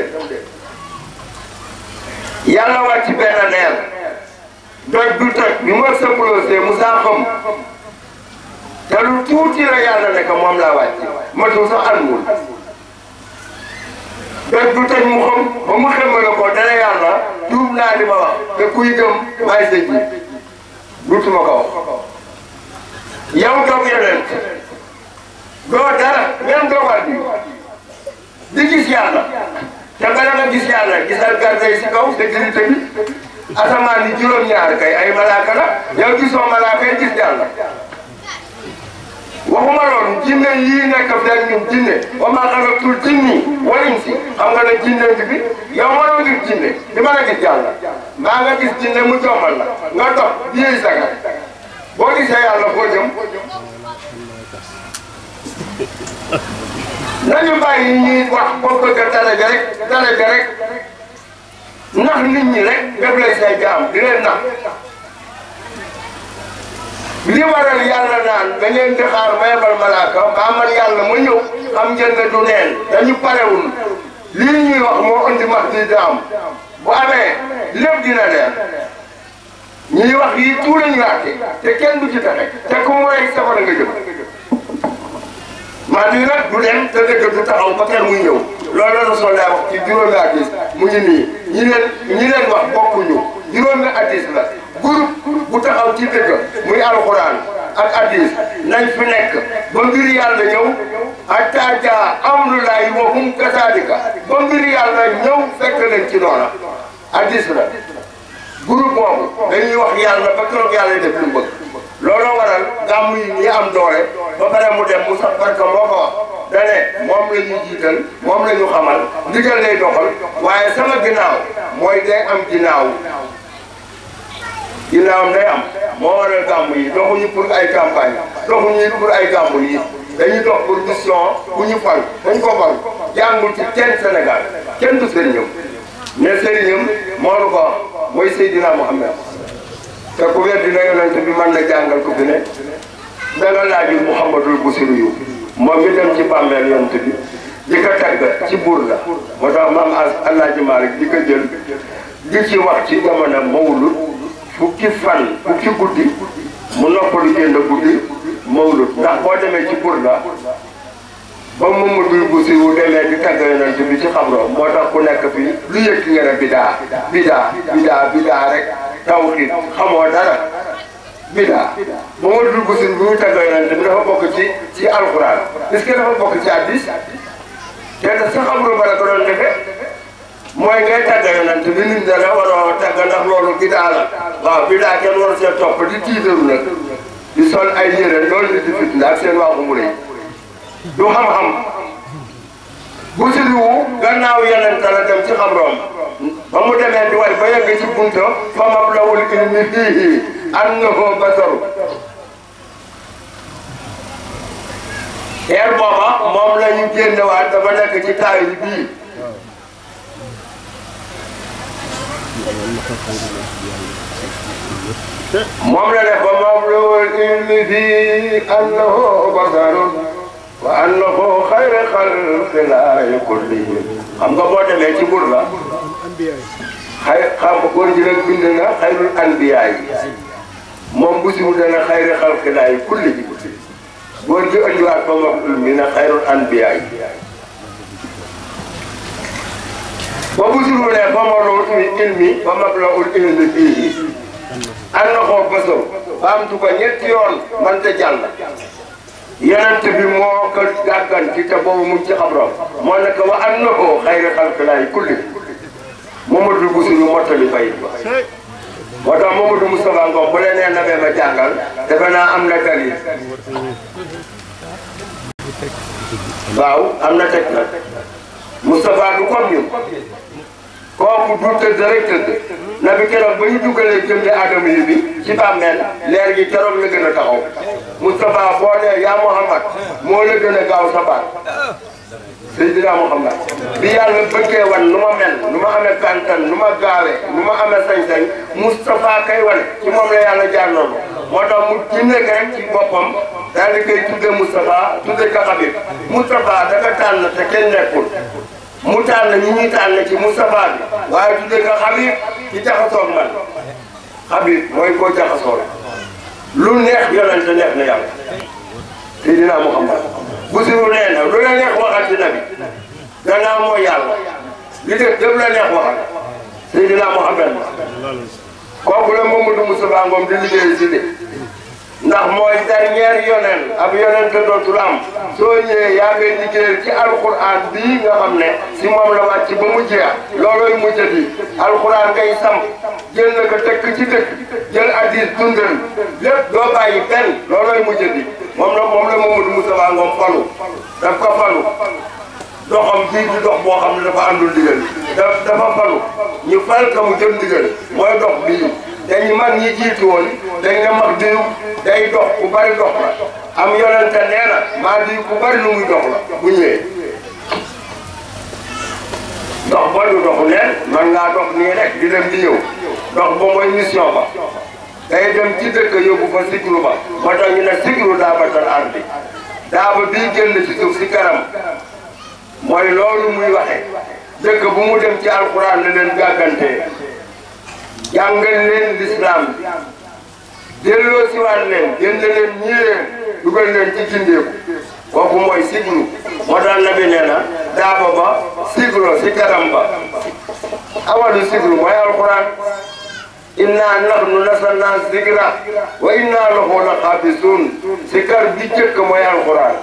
Speaker 4: yàlla wàcc benn doj du toj ni ma sëpplosee Moussa xam te lu tuuti la yàlla ne ko moom laa wàcce matul sax àndul doj du toj mu xam ba mu xëmmale ko dana yàlla duub naa li ma wax te kuy gëm maay sa ji duutuma ko wax yow dog yeneen doo dara même doo bi gis yàlla te nga gis yàlla gisal gàncax yi si kaw te gis asamaan yi juróom-ñaar kay ay malaaka la yow gisoo malaaka yi gis yàlla waxuma loolu jinne yii nekk fii ñun jinne wa maa xalaqtul jinni wal insi xam nga ne jinne ngi fi yow mënoo gis jinne di mën a gis yàlla mbaa nga jinne mu jommal la nga dox yéey saga boo gisee yàlla foo jëm nañu bàyyi ñuy wax ko bëgg a daraja rek ndax nit ñi rek nga doy say jaam di nax li waral yàlla naan da ngeen ma yebal malaaka ba man yàlla ma ñëw xam ngeen ne du neen dañu parewul lii ñuy wax moo indi max di daam bu amee lépp dina leer ñuy wax yi tout lañu laajte te kenn du ci taxe te ku mu rey safara nga jëm maa ngi nag du dem te dëkk du taxaw ba kenn muy ñëw loolu la Rasulullah wax ci juróomi hadiis mu ngi nii ñi leen ñi leen wax bokkuñu juróomi hadiis la groupe bu taxaw ci dëkk muy alxuraan ak hadiis nañ fi nekk ba mbir yàlla ñëw hatta jaa amrullaahi wa hum kazaalika ba mbir yàlla ñëw fekk leen ci noona hadiis la groupe boobu dañuy wax yàlla ba keroog yàlla def lu mu looloo waral gàmmu yi nii am doole ba pare mu dem mu sax parce que moo ko wax dane moom la ñu jiital moom la ñu xamal ndigal lay doxal waaye sama ginnaaw mooy day am ginnaaw ginnaawam day am moo waral gàmmu yi doxuñu pour ay campagne doxuñu pour ay gàmmu yi dañuy dox pour mission bu ñu fal dañ ko fal jàngul ci kenn Sénégal kenn du sëriñam ne sëriñam moo nu ko wax mooy Seydina Mouhamed te ku weddi na yonent bi man a jàngal ku fi ne danga laaj Muhammadul Busiri yu moom mi dem ci bàmmeel yonent bi di ko tagg ci buur la moo tax maam Alaaji Maalik di ko jël di ci wax ci jamono mawlud fukki fan fukki guddi mu noppalu génn guddi mawlud ndax boo demee ci buur la ba Muhammadul Busiri yu demee di tagg yonent bi ci xabro moo tax ku nekk fii lu yëkki nga rek tawxiid xamoo dara bida moom la dugg si bu ñu tàggoo yonent bi dafa bokk ci ci alxuraan est-ce que dafa bokk ci hadiis te sax xam nga bala ko doon defee mooy ngay tàgga yonent bi nit da nga waroo tàgga ndax loolu bida la waaw bida kenn waru see topp di tiitaru nag di sol ay yére loolu nit di fitna ak seen waaxu mbure yi du xam-xam. wutulu gannaaw yeneen kala dem ci xamroom ba mu demee di way ba yegg ci bunta fa mablawul ilmi fiihi annahu basaru teer booba moom la ñu génnewaat dafa nekk ci taay yi bii moom la def ba mablawul ilmi fiihi annahu basaru wa annahu xayra xalqilaahi kullihim xam nga boo demee ci bur la xay xam nga góor ji nag bind na mi na xayrul anbiyaa yi ba bu simu ne ba mawlawul ilmi ba mablawul ilmi fii ànd na ko baso ñetti yoon man te jàll yonent bi moo ko gàgganti te boobu mu ci xabram moo nekk wa annahu xayri xalqilaahi kulli Mamadou Boussou ñu mottali bayit ba moo tax Mamadou Moustapha Ngom bu leen nee nabee ma jàngal defe naa am na dalil waaw am na teg nag Moustapha du comme kooku du tëdd rek tëdd na bi keroog ba ñu dugalee jëm ne aadama yi bi ci bàmmeel leer gi keroog la gën a taxaw Moustapha boo nee yaa Mouhamad moo la gën a gaaw sa Seydina Mouhamad bi yàlla bëggee wan nu ma mel nu ma amee kàntan nu ma gaawee nu ma amee sañ-sañ wane ci moom la yàlla jaar loolu moo tax mu jëndee rek ci boppam daal di koy tuddee Moustapha tuddee ko Habib Moustapha dafa mu tànn ñi ñuy tànn ci Moustapha bi waaye tuddee nga Habib ci jaxasoo man Habib mooy koo jaxasoo lu neex yonent neex na yàlla Seydina Muhammad bu siru nee na lu la neex waxal ci nabi gannaaw mooy yàlla li def def la neex waxal Seydina Muhammad kooku la Mamadou Moustapha Ngom di liggéey si de ndax mooy dernier yoneen ab yoneen te dootul am soo ñëwee yaa ngay liggéeyal ci alquran bii nga xam ne si moom la wàcc ba mu jeex loolooy mujj di alquran ngay samp jël na ko tekk ci dëkk jël addis dundal lépp doo bàyyi benn loolooy mujj di moom la moom la Mamadou Moustapha Ngom falu daf ko falu doxam bii di dox boo xam ne dafa àndul ndigal daf dafa falu ñu fal ka mu jël ndigal mooy dox bii dañu mag ñi jiitu woon dañ nga mag diw day dox ku bari dox la am yonente nee na maa ku bari lu dox la bu ñëwee dox ba du doxu neen man ngaa dox nii rek di dem di ñëw dox ba mooy mission day dem ci dëkk yóbbu fa siglu ba moo tax ñu ne siglu daabatal ardi daaba bii génn ci suuf si karam mooy loolu muy waxe dëkk bu mu dem ci alxuraan la leen gàggantee jàngal leen lislaam delloo si waat leen jënd leen ñii leen dugal leen ci gindeeku kooku mooy siglu daaba ba siglo si garam ba awalu siglu mooy alquran inna nahnu nasalna zikra wa inna lahu laqabisun sikar bi jëkk mooy alquran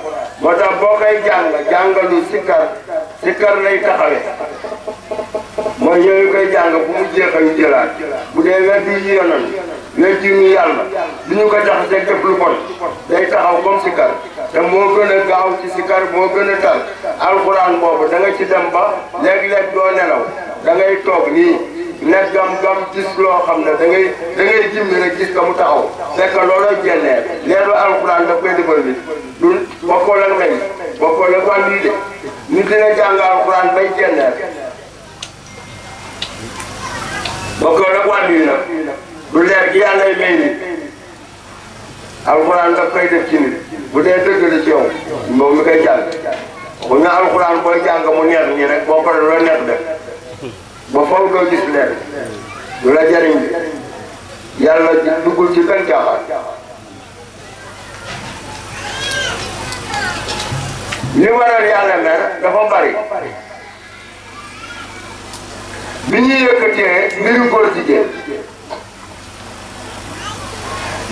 Speaker 4: moo tax boo koy jàng jàngalu sikar sikar lay taxawe mooy yooyu koy jàng bu mu jeex ñu jëlaat bu dee weddi yi yonan weddi ñu yàlla du ñu ko jax te def lu bon day taxaw comme sikar te moo gën a gaaw ci sikar moo gën a tal alxuraan boobu da nga ci dem ba léeg-léeg doo nelaw da ngay toog nii ne gam-gam gis loo xam ne da ngay da ngay jimbi rek gis ka mu taxaw fekk looloo jennee leeru alxuraan daf koy defal bi du bokkoo la ngay bokkoo la ko am lii de nit dina jàng alxuraan bay jennee bokk na nag wàllu yi nag du leer gi yàlla alxuraan daf koy def ci nit bu dee dëgg la ci yow moom mi koy jàng ñu alxuraan booy jàng mu neex ñi rek boo loo neex def ba foog nga gis leer du la jariñ bi yàlla duggul ci benn jaaxal. li waral yàlla mer dafa bari. bi ñuy yëkkatee mbiru góor jigéen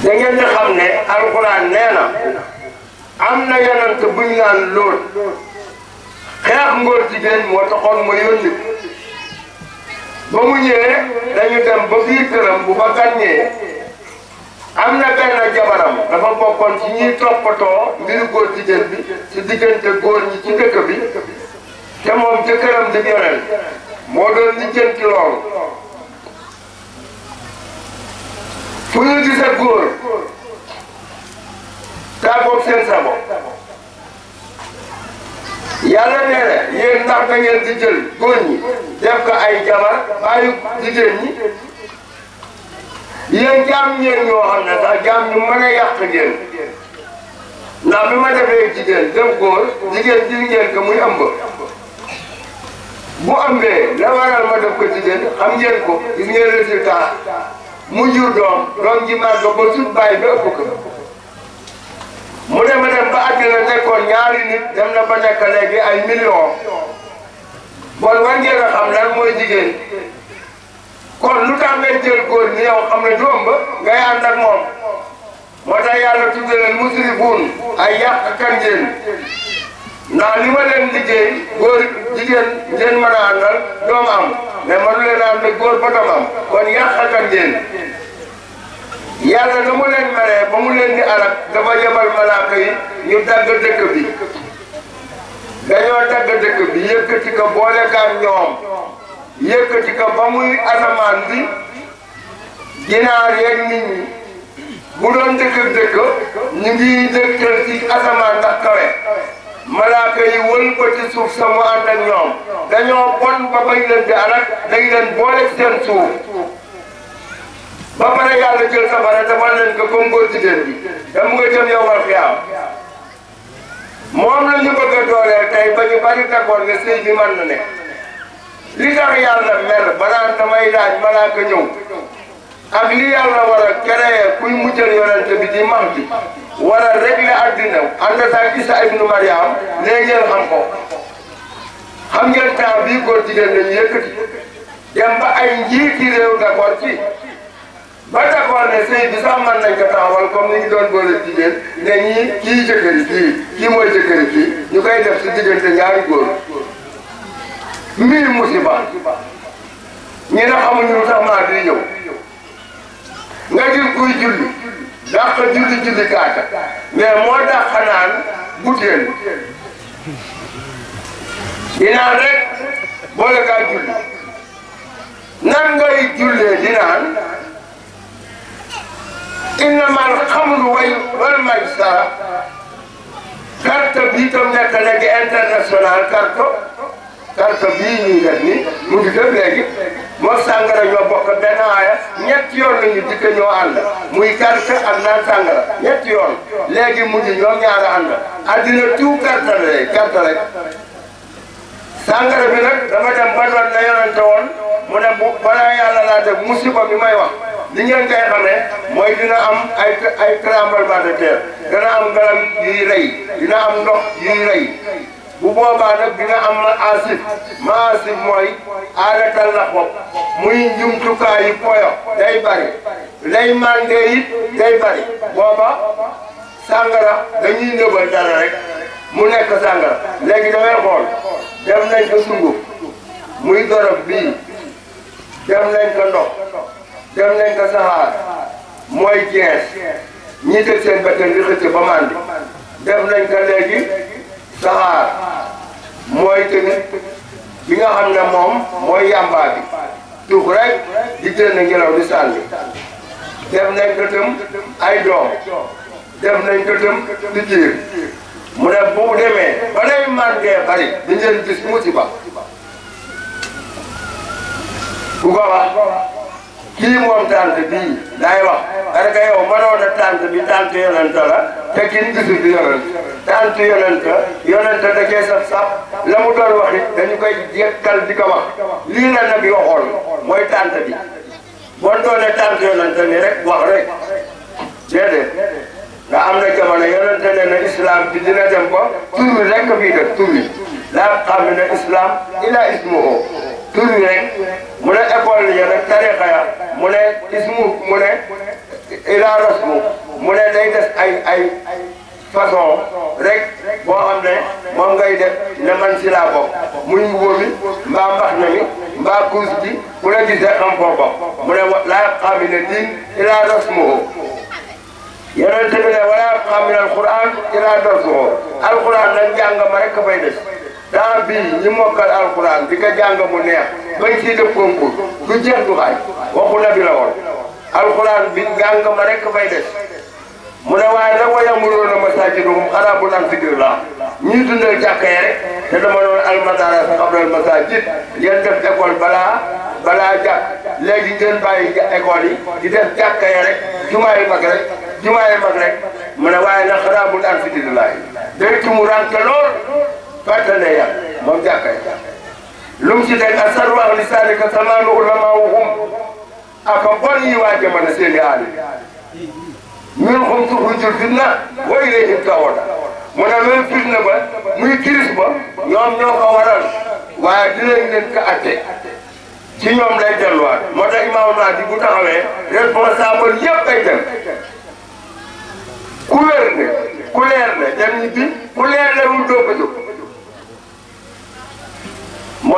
Speaker 4: da ngeen di xam ne alxuraan nee na am na yonent buñ naan lool xeex ngóor jigéen moo taxoon ma yónni ba mu ñëwee dañu dem ba biir këram bu ba gàññee am na benn jabaram dafa bokkoon ci ñuy toppatoo mbiru góor jigéen bi ci diggante góor ñi ci ndëkk bi te moom jëkkëram di yonent moo doon lijjanti loolu fu ñu gis ak góor tàggoog seen sabo yàlla nee na yéen ngeen di jël góor ñi ay jabar bàyyi jigéen ñi yéen jaam ngeen ñoo xam ne sax jaam ñu mën a yàq ngeen ndax bi ma defee jigéen def góor jigéen ji ngeen ko muy ëmb. bu ëmbee la waral ma def ko xam ngeen ko gis ngeen résultat mu jur doom doom ji màgg ba sut bàyyi ba ëpp mu ne ma dem ba àddina nekkoon ñaari nit dem na ba nekk léegi ay million bon war ngeen a xam lan mooy jigéen kon lu tax ngay jël góor xam ne doom ba ngay ànd ak moom moo tax yàlla tudde leen musrifuun ay yàq kan ngeen ndax li ma leen liggéey góor jigéen ngeen ma a àndal doom am mais mënu leen ànd góor ba doom am kon yàqatal ngeen yàlla na mu leen meree ba mu leen di alal dafa yebal malaaka yi ñu dagg dëkk bi dañoo dagg dëkk bi yëkkati ko boolekaat ñoom yëkkati ko ba muy asamaan bi ginaar yeeg nit ñi bu doon dëkk dëkk ñu ngi dëkkal ci asamaan ndax kawe malaaka yi wël ko ci suuf sama ànd ak ñoom dañoo bon ba bañ leen di alal dañ leen boole seen suuf ba pare yàlla jël safara defal leen ko comme góor jigéen bi dem nga jëm yow wal xiyaam moom la ñu bëgg a dooleel tey ba ñu bari d'accord ne sëy bi mën na ne li tax yàlla mer balaa damay laaj malaaka ñëw ak li yàlla war a créé kuy mujjal yonent bi di Mahdi war a réglé addina ànd ak Isa ibnu Mariam léegi ngeen ko xam ngeen temps bii góor jigéen lañu yëkkati dem ba ay njiiti réew d'accord ci ba d'accord si sëy bi na mën nañ ko taxawal comme ni ñu doon boole jigéen ne ñii kii jëkkëri kii kii mooy jëkkëri kii ñu koy def si diggante ñaari góor mbir musiba ñi na xamuñu lu tax di ñëw nga gis kuy julli dàq julli julli kaata
Speaker 1: mais moo dàq
Speaker 4: naan butéel di naan rek boole kaa julli nan ngay jullee di naan innamal xamru wal maysir carte bi itam nekk léegi international carte. karta bii ñuy def nii mu ngi def léegi moo ñoo bokk benn aaya ñetti yoon la ñu dikk ñoo ànd muy karta ak naan sàngara ñetti yoon léegi mujj ñoom ñaara ànd addina tout karta la karta rek sàngara bi nag dama dem ba doon la woon mu ne bu balaa yàlla laa def musiba bi may wax li ngeen koy xamee mooy am ay ay tremblement de terre dina am garab yuy rey dina am ndox yuy rey bu boobaa nag dina am ma asif ma asif mooy aaratal na ko muy njumtukaayu poyo day bari lay màndee it day bari booba sàngara dañuy nëbal dara rek mu nekk sàngara léegi damay xool dem nañ ko sunguf muy dorob bii dem nañ ko ndox dem nañ ko saxaar mooy jees ñi tëg seen bakkan di xëcc ba màndi def nañ ko léegi saxaar mooy que ni nga xam ne moom mooy yàmbaa bi tuuf rek di tënne ngelaw di sànni def nañ ko tam ay doom def nañ ko tam di jiir mu ne bu demee ba nay màndee bari di ngeen gis musiba ku ko wax kii moom tànk bii day wax parce que yow mënoon a tànk bi tànk yonent la te kin gisul bi yonent tànk yonent yonent da cee saf la mu doon wax it dañu koy jekkal di ko wax lii la nag waxoon mooy tànk bi bon doone tànk yonent ni rek wax rek déedéet nga am na jamono yonente ne na islam bi dina dem ko tur wi rek fii def tur wi laa xam ne islam ila ismuhu tur mu ne école ya rek tariqa ya mu ne ismu mu ne ila rasmu mu ne day des ay ay façon boo xam ne moom ngay def ne man si laa bokk muy mbubb bi mbaa na mi mbaa kuus bi ku la gisee xam foo mu ne laa xam ne diin ila rasmuhu yonent bi ne wala xam ne alquran ilaa darsuhu alquran nag jàng ma rek fay des daa bii ñi mokkal alquran di ko jàng mu neex bañ ciy def concours du jeex du xaaj waxu nabi la woon alquran bi jàng ma rek fay des mu ne waaye nag wa yamuruuna masaajidahum xanaa bu naan zikrillah ñuy dundal jàkka yi rek te dama doon almadara sa xabral masaajid ngeen def école balaa balaa jàkk léegi ngeen bàyyi école yi di def jàkka yi rek jumaa yi rek jumaay mag rek mu ne waaye nag xanaa mun an fiti laay day tumurànke lool fàttali ne yàlla moom jàkka yi lu mu ci teg asaru ahli saalika samaanu ulamaahum aka bon yi waa jamono seeni aali min xum tuxrijul fitna wa ilayhim tawada mu ne même fitna ba muy kiris ba ñoom ñoo ko waral waaye dinañ leen ko atte ci ñoom lay delluwaat moo tax imaam Maadi bu taxawee responsable yëpp ay dem ku wér ne ku leer ne dem ñi ku leer ne mu doog a jóg moo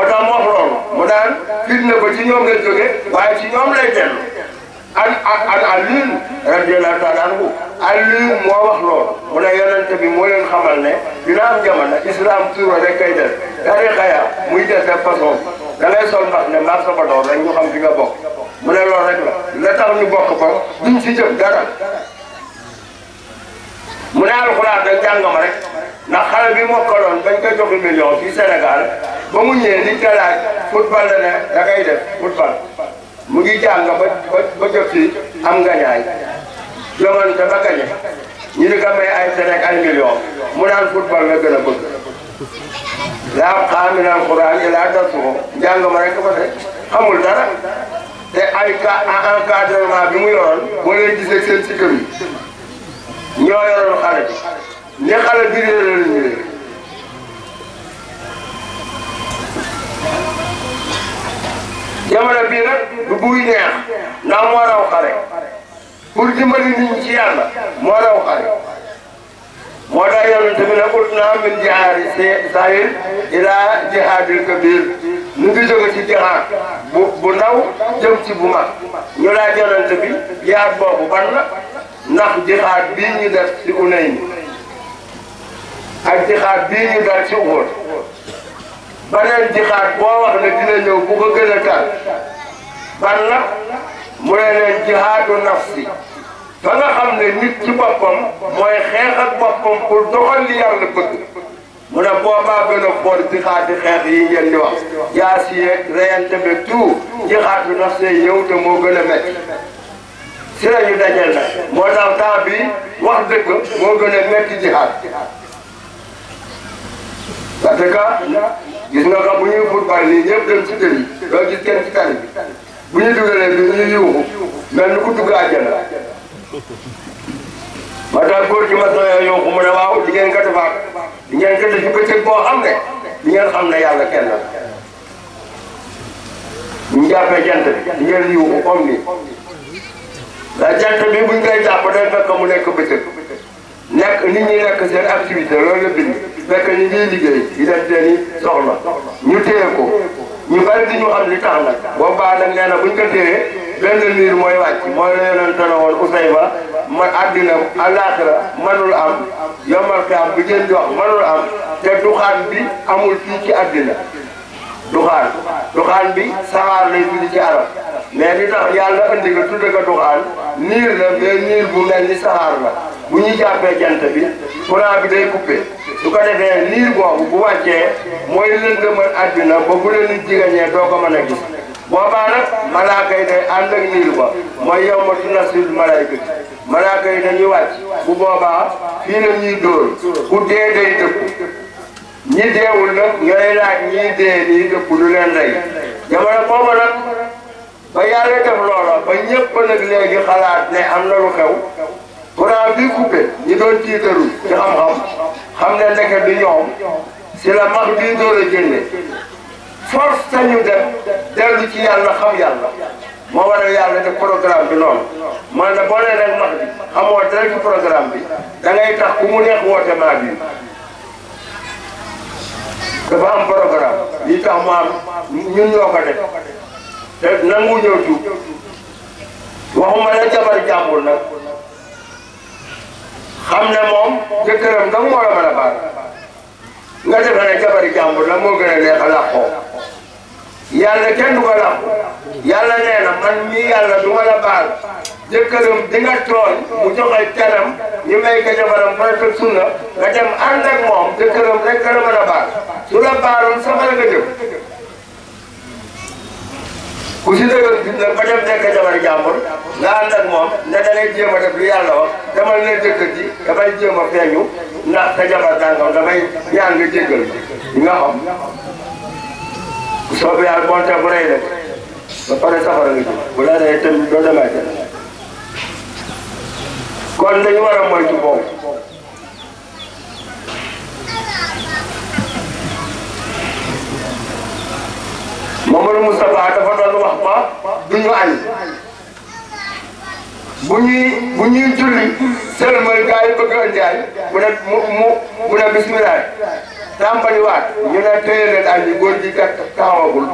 Speaker 4: tax wax loolu mu daan firnde ko ci ñoom lay jóge waaye ci ñoom lay dellu an an Alioune radiyallahu taala anhu Alioune moo wax loolu mu ne yonente bi moo leen xamal ne dina am jamono islam tuura rek kay des tariqa ya muy des de façon da ngay sol mbax ne mbax sama doom rek ñu xam fi nga bokk mu ne loolu rek la la tax ñu bokk ko duñ ci jëm dara. mu ne alxuraan da jàngam rek ndax xale bi mokkaloon bañ ko joxi million fii Sénégal ba mu ñëwee liñ ko laaj football la ne da ngay def football mu ngi jàng ba ba jot ci am nga ñaay jomante ba gañe ñu di ko may ay Sénégal ay million mu naan football la gën a bëgg laa xaamil alxuraan yi laa darsuko njàng ma rek ko de xamul dara te ay encadrement bi mu yoroon boo leen gisee seen sikër yi ñoo yoroon xale bi xale bi réer la ñu réer jamono bii nag du buy neex ndax moo raw xale pour dimbali nit ñi ci yàlla moo raw xale moo tax yonent bi ne ut naa min jihaadi sahir ilaa jihaadil kabir ñu ngi jóge ci jihaad bu bu ndaw jëm ci bu mag ñu laaj yonent bi jihaad boobu ban la ndax jixaat bii ñu def ci Hunayn ak jixaat bii ñu def ci Uhud beneen jixaat boo wax ne dina ñëw bu ko gën a tar ban la mu ne leen jihaadu nafsi ba xam ne nit ci mooy xeex ak boppam pour doxal li yàlla bëgg mu ne boobaa gën a boor jixaati xeex yi ngeen di wax yaa si yeeg reyante bi tout jixaatu nafsi yow te moo gën a si la ñu dajeel nag moo tax temps bi wax dëgg moo gën a metti jihaad parce que nga xam bu ñuy football nii ñëpp dem ci tëri doo gis kenn bu ñu dugalee bi ñu yuuxu mel ni ku dugg àjjana ma tax góor gi ma doyoo yuuxu mu ne waaw di ngeen kat faat di ngeen kat ci bëccëg boo xam ne di ngeen xam ne yàlla kenn ñu jàppee jant bi di ndax jant bi buñ koy jàpp day fekk mu nekk bëccëg nekk nit ñi nekk seen activité loolu la bind fekk ñu ngi liggéey di def seen i soxla ñu téye ko ñu bari di ñu xam li tax nag boobaa nag nee na buñ ko téyee benn niir mooy wàcc mooy la yonente na woon Usayba ma àddina àllaaxira mënul am yombal fi am bi ngeen di wax mënul am te duxaan bi amul fii ci àddina duxaan duxaan bi saxaar lay dund ci mais li tax yàlla andi ko tudde ko duxaan niir la mais niir bu mel ni saxaar la bu ñu jàppee jant bi courant bi day coupé su ko defee niir boobu bu wàccee mooy lëndëmal àddina ba bu la nit jigéñee doo ko mën a gis boobaa nag malaaka yi ànd ak niir ba mooy yow ma tunasil malaayka bi malaaka yi dañuy wàcc bu boobaa fii la ñuy dóor ku dee day dëpp ñi deewul nag ñooy laaj ñiy dee nii dëpp lu leen rey jamono boobu nag ba yàlla def loola ba ñëpp nag léegi xalaat ne am na lu xew courant bi coupé ñi doon tiitaru ci xam-xam xam ne ndeke du ñoom si la max bii doon a génne force sañu def dellu ci yàlla xam yàlla moo waral yàlla bi noon man na boo nee nag max bi xamoo dara ci programme bi da ngay tax ku mu neex maa bi dafa am programme li tax mu ñun ñoo ko def nangu ñëw tuub waxuma ne jabar jàmbur nag xam ne moom jëkkëram dong moo la baal nga defe ne jabari jàmbur la moo gën a neex kenn du ko làqu yàlla nee na man mii yàlla ma la baal jëkkëram di nga tooñ mu joxe canam ñu may ko jabaram mooy sunna nga dem ànd ak moom jëkkëram rek la mën baal su la baaloon safara ku ci dëgër gis nag ba dem nekk jabar jàmbur nga ànd ak moom ne da ngay jéem a def lu yàlla wax demal ne jëkkër ji dafay jéem a feeñu ndax sa jabar tàngam damay ñaan nga jéggal bi nga xam soo ko yàlla bonte bu rey rek ba pare safara nga ji bu la rey tamit doo demee te kon dañu war a moytu boobu Mamadou Moustapha dafa doon wax ba du ñu añ bu ñuy bu ñuy julli sëlmal gars yi bëgg a jaay mu ne mu ñu ne téye añ yi góor ji kat taxawagul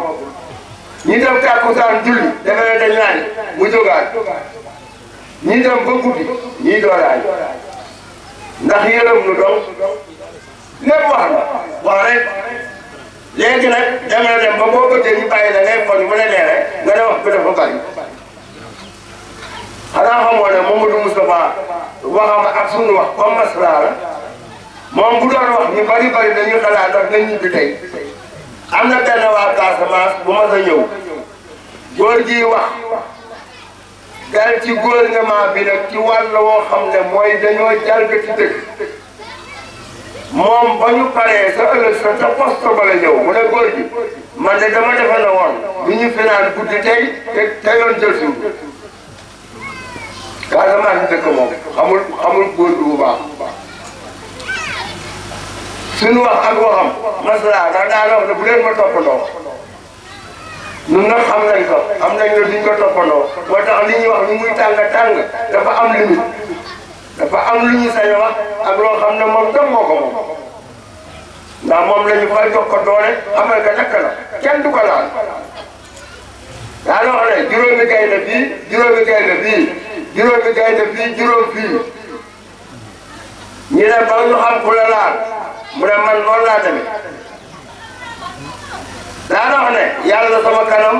Speaker 4: ñi dem tàkkusaan julli defe ne dañ mu jógaat ñii door añ ndax yërëm nu doon lépp wax na wax rek léegi nag dem na dem ba boo ko jëlee ñu bàyyi la ngay xool mu ne nga ne wax bi dafa bari xanaa xamoo ne Mamadou Moustapha waxam ak suñu wax comme masra la moom bu doon wax ñu bari bari dañuy xalaat ndax nañ ñibbi tey am na benn waa Casamance bu mas a ñëw góor wax dal ci gouvernement bi nag ci wàll woo xam ne mooy dañoo jalgati dëkk moom ba ñu paree sa ëllëg sa sa poste ba la ñëw mu ne góor gi man de dama defe na woon bu ñu finaan guddi tey te teyoon jël suuf Casamance amul amul xamul xamul góor gi bu baax suñu wax ak waxam masalaa ndax daana wax ne bu leen ma toppandoo ñun nag xam nañ ko xam nañ ne duñ ko toppandoo moo tax li ñuy wax ni muy tàng tàng dafa am limite dafa am lu ñu sañ a moom dem ko moom ndax moom la ñu fa jox ko doole xamal nga la kenn du laal daa loo xam ne juróomi gaynde fii juróomi gaynde bi juróomi gaynde fii juróom fii ñu ne ba ñu ku la laal mu ne man noonu laa demee daa loo ne yàlla sama kanam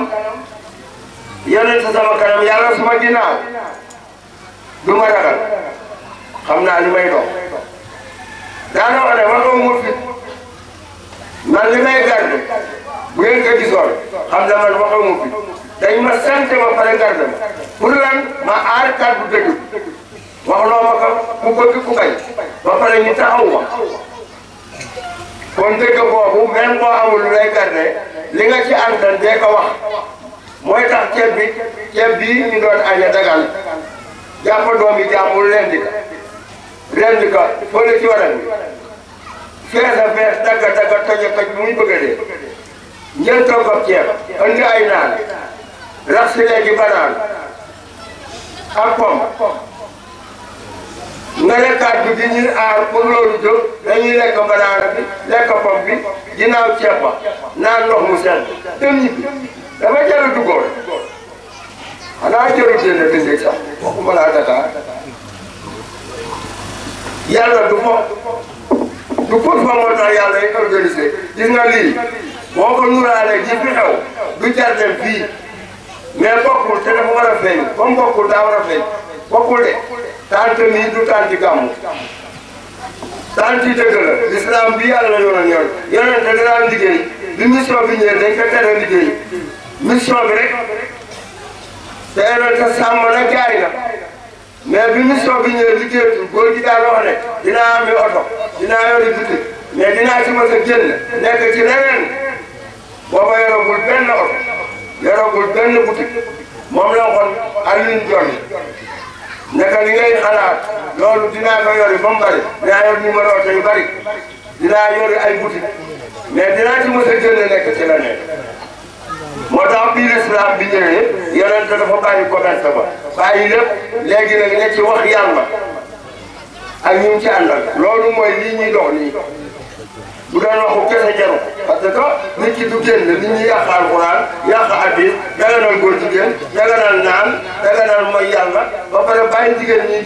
Speaker 4: yonent sama kanam yàlla sama ginnaaw du ma ragal xam naa li may dox daanaka wax ne waxoon ma fit man li may garde bu ngeen ko gisoon xam na man waxoon ma fit dañ ma sant ma pare garde ma pour lan ma aar kàddu dëgg waxloo ma ko ku bëgg ku bañ ba pare ñu taxaw ma kon dëgg boobu même boo amul lu lay garde li nga ci antan dee ko wax mooy tax ceeb bi ceeb bii ñu doon aña dagal jàpp doom yi jàmbul leen di rend ka fële ci waral bi fees a fees dagga dagga toj a toj bu muy bëgg a dee ngeen togg ab ceeb andi ay naan rax si léegi banaan ak pom nga lekkaat bi di ñu aar pour loolu jóg dañuy lekk banaana bi lekk pom bi ginnaaw ceeb ba naan ndox mu sedd dem ñibbi dafa jar a duggoon xanaa jarul jënd dindi sax waxuma yalla du mo du ko fa moo tax yàlla yi organisé gis nga li boko ko nuraalee ji fi xew du jar fi mais bokkul te dafa wara a feeñ comme da wara war a feeñ bokkul de tànt nii du tànti gam tànti dëgg la l'islam bi yalla la yoon a ñor yonente da daan liggéey bi mission bi ñëwee dañ ko tere liggéey mission bi rek te ta sam na jaay la mais bi mission bi ñëwee liggéeyatu góor gi daal wax ne dinaa amee oto dinaa yore bitik mais dinaa ci mos a génn nekk ci leneen booba yoragul benn oto yoragul benn butik moom la waxoon Alioune Dione nekk li ngay loolu dinaa ko yore ba mu bëri dinaa yor numéro oto yu bëri ay butik mais dinaa ci mos a génn nekk ci leneen. moo tax bii lislaam bi ñëwee yonent dafa bàyyi commerce ba bàyyi lépp léegi nag ne ci wax yàlla ak ñu ci àndal loolu mooy lii ñuy dox nii bu doon waxu kese jaru parce que nit ki du génn nit ñi yàq alxuraan yàq hadis daganal góor jigéen daganal naan daganal mooy yàlla ba pare bàyyi jigéen ñu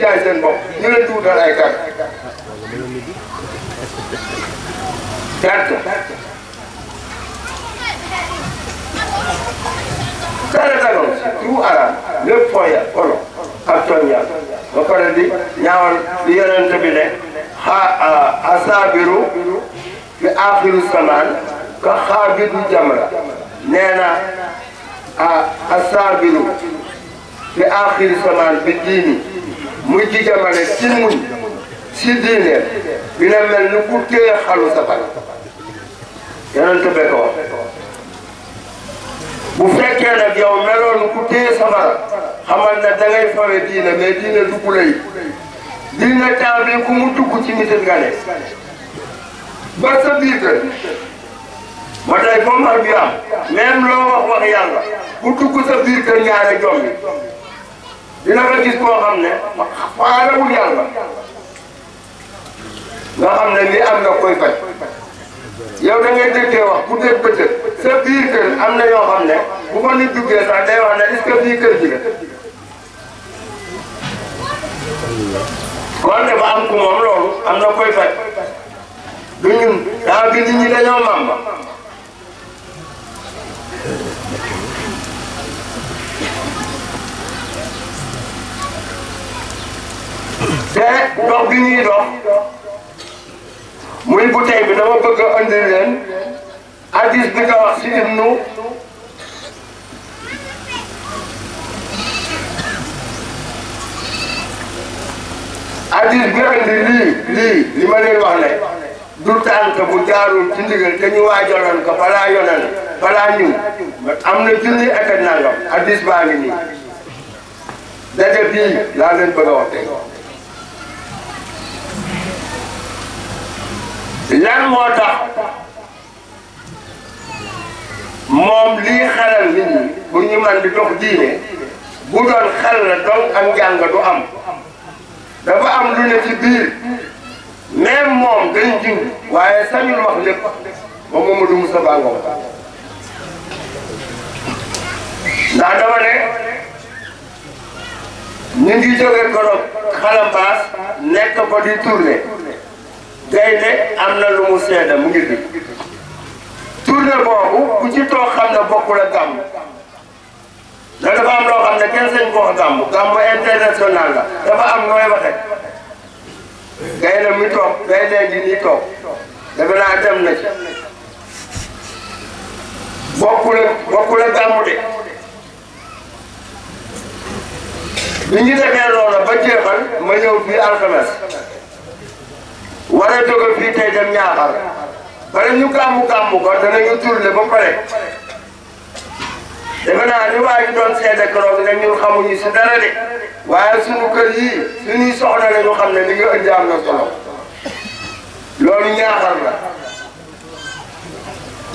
Speaker 4: sooretanoo subu araam lépp fooya kono ak tooññal ba pare di ñaawal di yonent bi ne xaa asaabiru fi aaxiru samaan ka xaabidu jamra nee na asaabiru fi aaxiru samaan bi diini muy ci jamane ci muñ si diine dina mel ni ku téye xalu safara yonent bi ko bu fekkee nag yow meloon ku téye sabara xamal ne da fawe diine mais diine dugg lay diine temps bi ku mu dugg ci mitin nga ne ba sa biir kër ba tey foofu ak bi am même loo wax wax yàlla bu dugg sa biir kër ñaare jom dina ko gis koo xam ne faalewul yàlla nga xam ne li am nga koy faj yow da ngay dëkkee wax bu dégg bëccëg am na yoo xam ne bu ko nit duggee sax day wax ne est-ce que biir kër ji la. kon dafa am ku moom loolu am na koy faj du ñun daa gi nit ñi dañoo màmba. te dox bi ñuy dox. muy bu bi na bëgg a andi leen hadis bi nga wax si ibnu hadis bi andi lii lii li ma leen du tànk bu jaarul ci ndigal te ñu waajaloon balaa yonan balaa ñun am na junni ak nangam hadis baa ngi nii bii laa leen bëgg wax lan moo tax moom lii xelal nit ñi bu ñu man di dox diine bu doon xel am njàng du am dafa am lu ne ci biir même moom day jiw waaye sañul wax lépp moom Mamadou Moussa Ba Ngom ne ñu ngi jógee Korog xalam baas nekk ko di gaynde am na lu mu seede mu ngi fi tournée boobu ku xam ne bokkul ak gàmmu dafa am loo xam ne kenn sañ ko wax gàmmu international la dafa am nooy waxe gaynde mi gaynde gi ni toog dafa naa dem na ci bokkul bokkul ak gàmmu de bi ñu defee loola ba jeexal ma ñëw fii alxames war a jóge fii tey dem ñaaxal bare ñu gàmmu gàmmu ko danañu turle ba pare defe naa ni waa ji doon seede keroog ne xamuñu si dara de waaye suñu kër yii suñuy soxla la xam ne li nga indi am na solo loolu ñaaxal la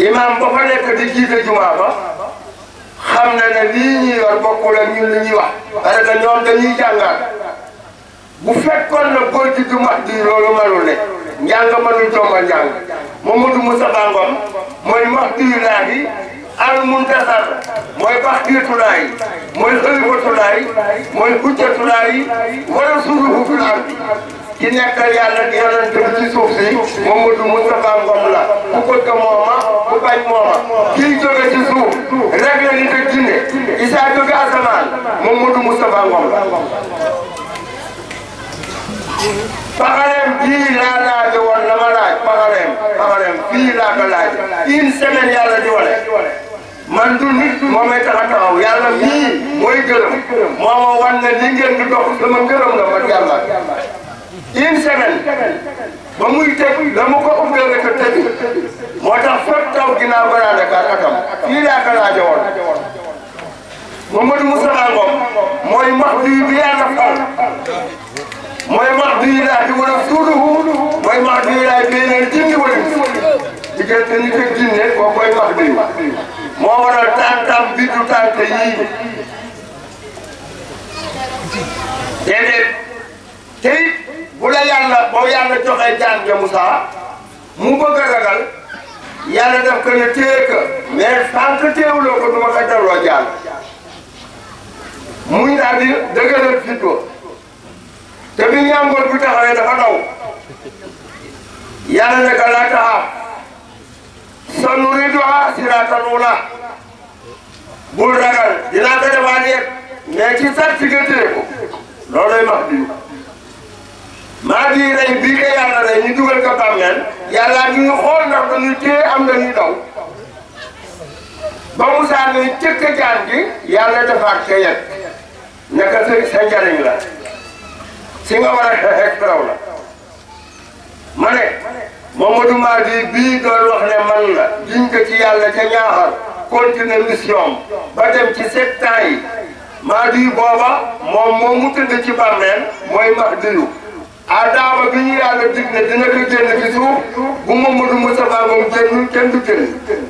Speaker 4: imaam ba fa nekk di jiite jumaa ba xam na ne lii ñuy yor bokkul ak ñun li wax parce que dañuy jàngaat bu fekkoon na góor gi du mag ji loolu mënul ne njàng mënul jomba njàng Mamadou Moussa Ngom mooy Mahdiyulaahi al muntasar mooy baxtiyatulaahi mooy xalifatulaahi mooy xujjatulaahi wa rasuluhu fil ardi ki nekkal yàlla di yonent bi ci suuf si Mamadou Moustapha Ngom la ku bëgg mooma ku bañ mooma kii jóge ci suuf rek la nit ak jinne isaa jóge asamaan Mamadou Moustapha Ngom paxareem bii laa laaj woon na ma laaj paxareem paxareem fii laa ko laaj une di wale man du nit moo may tax a taxaw yàlla mii mooy gërëm moo ma wan ne li ngeen di dox dama gërëm la man yàlla une semaine muy teg la mu ko ubbee rek a moo tax fépp taw ginnaaw balaa Dakar atam fii laa ko laaj woon Mamadou Moussa Ngom mooy max bi bi yàlla fal
Speaker 5: mooy mahdiyilaahi wa rasuluhu
Speaker 4: mooy mahdiyilaahi beneen jinni wala diggante nit ak jinne kooku mooy mahdi
Speaker 5: moo waral tantam bi du tante yii
Speaker 4: déedéet te it bu la yàlla boo yàlla joxee jaan ja Moussa mu bëgg a ragal yàlla daf ko ne téye ko mais sànq teewuloo ko du ma ko delloo jaan muy daal di dëgëral fit te bi ñàngoor bu taxawee dafa daw yàlla ne ka laa taxaw sanuriiduhaa siraatal ulaa bul ragal dinaa ko defaat yéen mais ci sax si nga téye ko max bi maa di rey bii ka yàlla rey ñu dugal ko bàmmeel yàlla ñu ngi xool ndax dañuy téye am dañuy daw ba mu saa ngay cëkk jaan gi yàlla defaat ka yéen naka sa sa njariñ la. si nga war a xeexeeg raw la ma ne Mamadou Madi bii doon wax ne man la diñ ko ci yàlla ca ñaaxal continuer mission ba dem ci sept ans yi Madi booba moom moo mu tëdd ci bàmmeel mooy Mahdiyu adaama bi ñu yàlla dig na dina ko génn ci suuf bu Mamadou Moussa Ba moom génn kenn du génn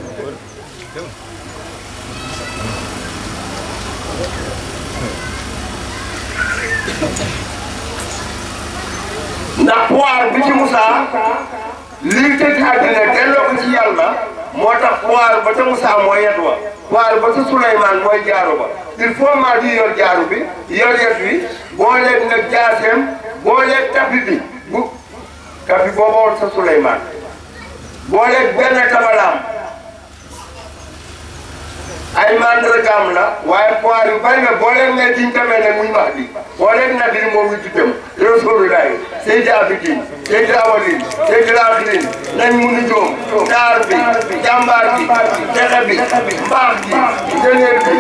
Speaker 4: ndax poire bi ci Moussa lii tëj àddina delloo ko ci yàlla moo tax poire ba ca Moussa mooy yet wa poire ba ca Souleymane mooy jaaru ba il faut maa yor jaaru bi yor yet wi boo leen nag jaaseem boo leen tapi bu tapi booba woon sa Souleymane boo leen benn tabalaam ay mandre kam la waaye poir yu bari la boo leen ne diñ tamee ne muy max di boo leen na bir moom witu dem rasulullahi seydi abidin seydi awalin seydi laxirin nañ munu joom taar bi jàmbaar bi texe bi mbaax bi jëneer bi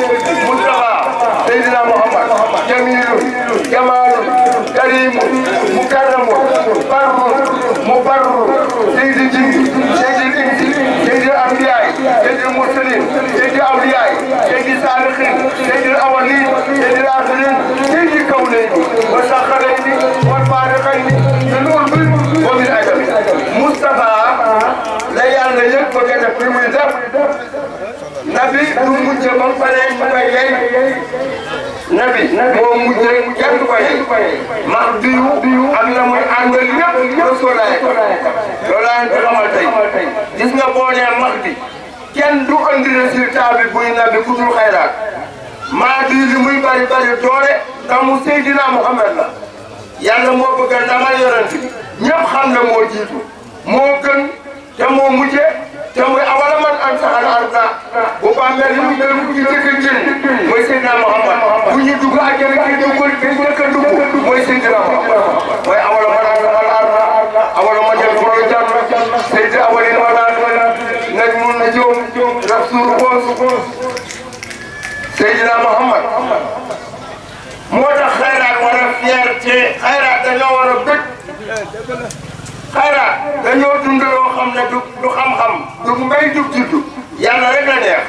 Speaker 4: mustafa seydina muhammad jamilun jamalun karimun mukarramun barrun mubarrun السابقين سيد الاولين سيد الاخرين سيد الكونين والساخرين والفارقين من الظلم ومن ادب مصطفى لا يالا يك بغا داف في من داف نبي دو مجه بام فاري مبايي نبي هو مجه جات باي مخديو ak la muy àndal yëpp rasul lay loolu laa leen xamal tey gis nga boo nee max bi kenn du andi résultat bi buy nabi ku dul xayraat maa di li muy bari bari doole ndamu Seydina Muhammad la yàlla moo bëgg a ndamal yonent bi ñëpp xam ne moo jiitu moo gën te moo mujje te muy awala man am saxal arda bu bàmmeel yi ñu jëkk a génn mooy Seydina Muhammad bu ñu dugg àjjana ki dugg a dugg mooy Seydina mooy awala xuus xuus Seydina Muhammad moo tax xayraat war a fierté xayraat dañoo war a bëgg dañoo dund loo xam ne du du xam-xam du mbay du juddu rek la neex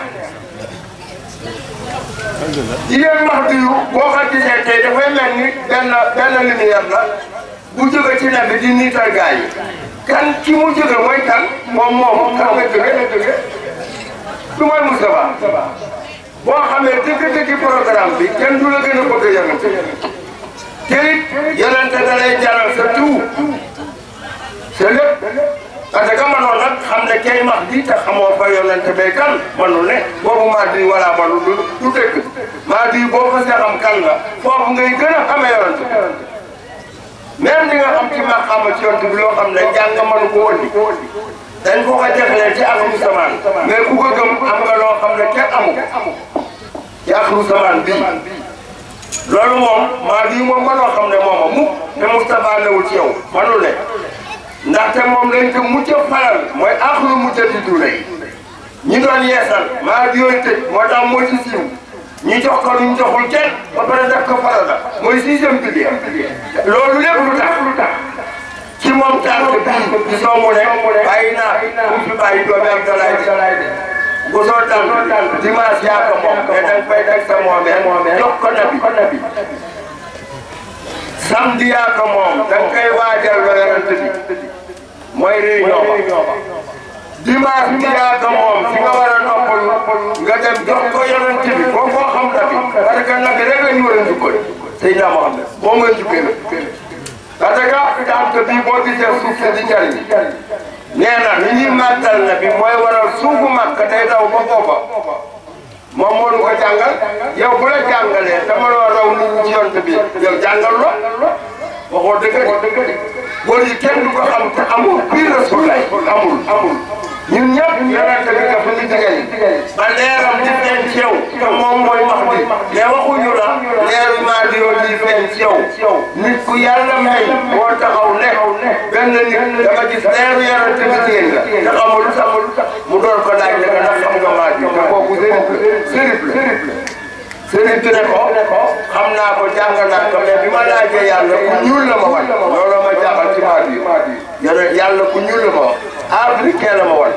Speaker 4: jigéen Mahdi yu boo xam ne tey dafay mel ni benn benn lumière la bu jóge ci nabi di niital gaa yi kan ci mu jóge mooy kan moom moomu kan nga jóge nga jóge du mooy Moustapha boo xamee dëgg-dëgg programme bi kenn du la gën a bëgg yonente te it yonente da lay jaral sa tout sa lépp parce que mënoon nag xam ne kay max di tax xamoo fa yonente bay kan mënul ne boobu maa di wala mënul du du dëgg maa di boo ko xam kan la foofu ngay gën a xamee yonente même li nga xam ci ma xama ci yonente bi loo xam ne jàng dañ ko ko jagleel ci axiru zaman mais ku ko gëm am nga loo xam ne kenn amu ci axiru zaman bii loolu moom maa bii moom nga loo xam ne mooma mukk te Moustapha newul ci yow manul ne ndaxte moom lañ ko mujj a faral mooy axiru mujj a di dure ñi doon yeesal maa bi yooyu tëj moo tax moo ci siiw ñu jox ko ñu joxul kenn ba pare def ko faral la mooy sixième pilier loolu lépp lu tax lu tax ci moom tànk bi soomu ne bàyyi naa ku fi bàyyi doomeem dalaay ji gosoo tànk dimanche yaa ko moom mais danga fay teg sa moomeel jox ko nabi samedi yaa ko moom danga koy waajal loyarant bi mooy réunion ba dimanche bi yaa ko moom fi nga war a noppalu nga dem jox ko yonent bi boo koo xam nabi parce que nabi rek la ñu war a njukkal sëñ naa Mohamed boo mooy njukkee parce que dant bi boo gisee suuf si di jëriñ nee na li ñuy na bi mooy waral suufu màgg day daw ba booba moom moo ñu ko yow bu la jàngalee dama loo raw nit ñi ci yont bi yow jàngal lo waxoo dëgg de góor yi kenn du ko xam amul biir rasul lay amul amul ñun ñëpp ñu yorante bi nga fi ñu digal yi ba leeram di feeñ ci yow te moom mooy wax bi mais waxuñu la leeru maa di yoon di feeñ ci yow nit ku yàlla may boo taxaw ne benn nit dama gis leeru yorante bi jigéen la te xamul lu tax mu door ko laaj ne ko ndax xam nga maa di te kooku sérif la sérif la Serigne Touré ko xam naa ko jàng naa ko mais bi ma laajee yàlla ku ñuul la ma wan looloo ma jaaxal ci maat yi yàlla yàlla ku ñuul la ma wan africain la ma wan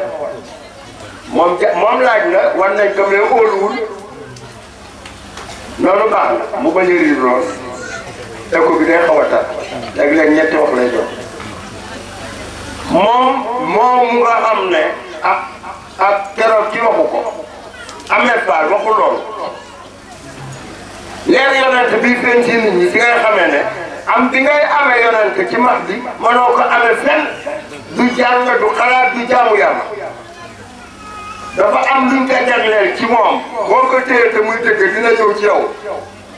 Speaker 4: moom ja moom laaj na war nañ ko mais óoluwul noonu baax mu bañ a riir lool écho bi day xaw a tar léeg-léeg ñetti wax lay jox moom moom nga xam ne ak ak keroog ci waxu ko Ahmed Fall waxu loolu leer yonent bi feeñ ci nit ñi fi ngay xamee ne am bi ngay amee yonent ci max bi mënoo ko amee fenn du jàng du xalaat du jaamu yàlla dafa am luñ ko jagleel ci moom boo ko téye te muy dëgg dina ñëw ci yow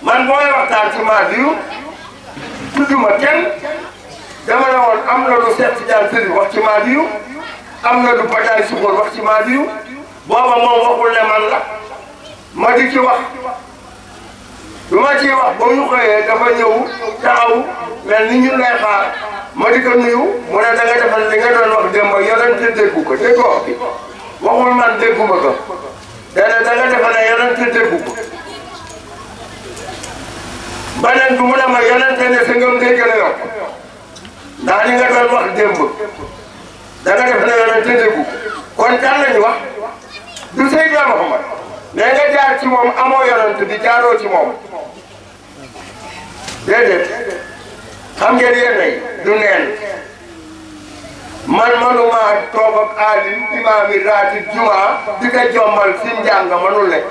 Speaker 4: man mooy waxtaan ci max bi tudduma kenn dama ne woon am na lu seet jaan sëriñ ci max bi wax ci max bi booba moom waxul ne man la ma di ci wax lu ma ciy wax ba mu ñu xëyee dafa ñëw taxaw ni ñun lay ma di ko nuyu mu ne da nga defal li nga doon wax démb yonent déggu ko dégg wax bi waxul man nga defal ne yonent déggu ko beneen bi mu ne ma yonent ne sa ngëm day gën a da ko kon kan lañu wax du Seydina Muhammad nee nga jaar ci moom amoo yonent bi jaaroo ci moom déedéet xam ngeen yéen rek du neen man manumaa toog ak aalim imaam yi raati juma di ko jombal fi njàng manul lekk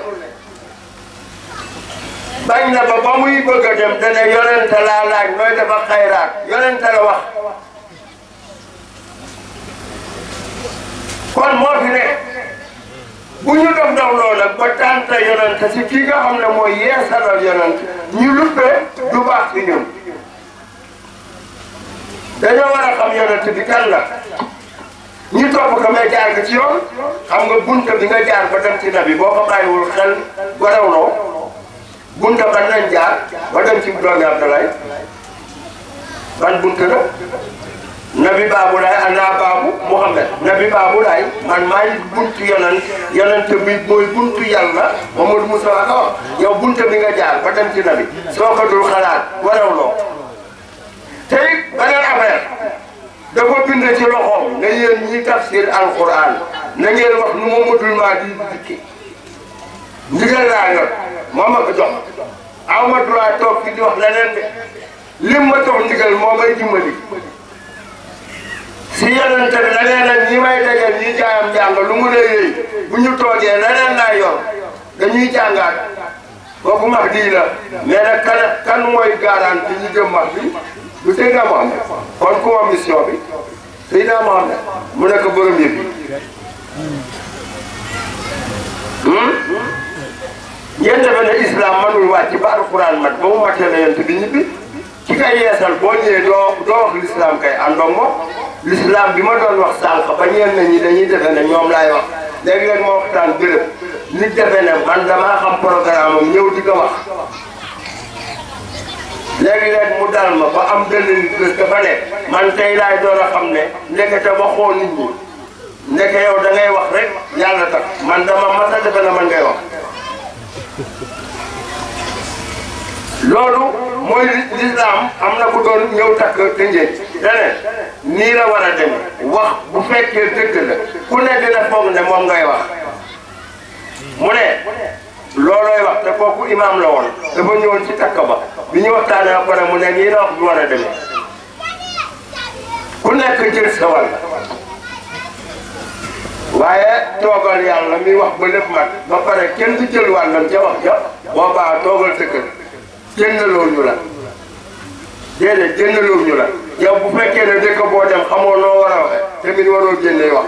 Speaker 4: bañ na ba ba muy bëgg a dem dana yonente laa laaj nooy dafa xayraat yonente la kon moo fi ne bu ñu dof dof loola ba tànta yonent si ki nga xam ne mooy yeesalal yonent ñu luppee du baax ci ñun dañoo war a xam yonent bi kan la ñu topp ko may jaar ko ci yoon xam nga bunta bi nga jaar ba dem ci nabi boo ko bàyyiwul xel warewloo bunta ban lañ jaar ba dem ci doomi Abdoulaye ban bunta la nabi baabu laay ana baabu muhammad nabi baabu laay man maay buntu yonent yonent bi mooy buntu yàlla Mamadou Moussa ka wax yow buntu bi nga jaar ba dem ci nabi soo ko dul xalaat warawloo te it beneen affaire dafa loxoom ne yéen ñi tafsir alquran na ngeen wax nu Mamadou Mahdi dikki ndigal laa yor moo ma ko jox aw ma droit toog ci di wax leneen de lim ma toog ndigal moo may dimbali si yonente bi la nee nag ñi may déggal ñi jaayam jàng lu mu léeg-léeg bu ñu toogee leneen naa yor dañuy jàngaat kooku max dii la nee na kan kan mooy garanti ñu jëm max bi du Seydina Mohamed kon ku ma mission bi Seydina Mohamed mu nekk borom yëpp yi ngeen hmm? defe ne islam manul wàcc ba alquran mat ba mu matee na yonente bi ñibbi ki nga yeesal boo ñëwee doo doo wax l'islam kay àndoon moom l'islam bi ma doon wax sànq ba ñeen na ñi dañuy defe ne ñoom laay wax léeg-léeg ma waxtaan béréb nit defe ne man damaa xam programme ñëw di ko wax léeg-léeg mu dal ma am benn nit dafa ne man tey laay doon a xam ne ndekete waxoo nit ñi ndeke yow da wax rek yàlla tax man dama masa defe ne man ngay wax loolu mooy lislaam am na ku doon ñëw takk tënjeej dane nii la war a dem wax bu fekkee dëgg la ku ne dina ne moom ngay wax mu ne loolooy wax te kooku imaam la woon dafa ñëwoon ci takk ba bi ñu waxtaanee ba pare mu ne nii la wax bu war a demee ku nekk jël sa wàll waaye toogal yàlla mi wax ba lépp mat ba pare kenn du jël wàllam ca wax ja boobaa toogal sa jëndaloo ñu la déedéet jëndaloo ñu la yow bu fekkee ne dëkk boo dem xamoo noo war a waxe waroo jëndee wax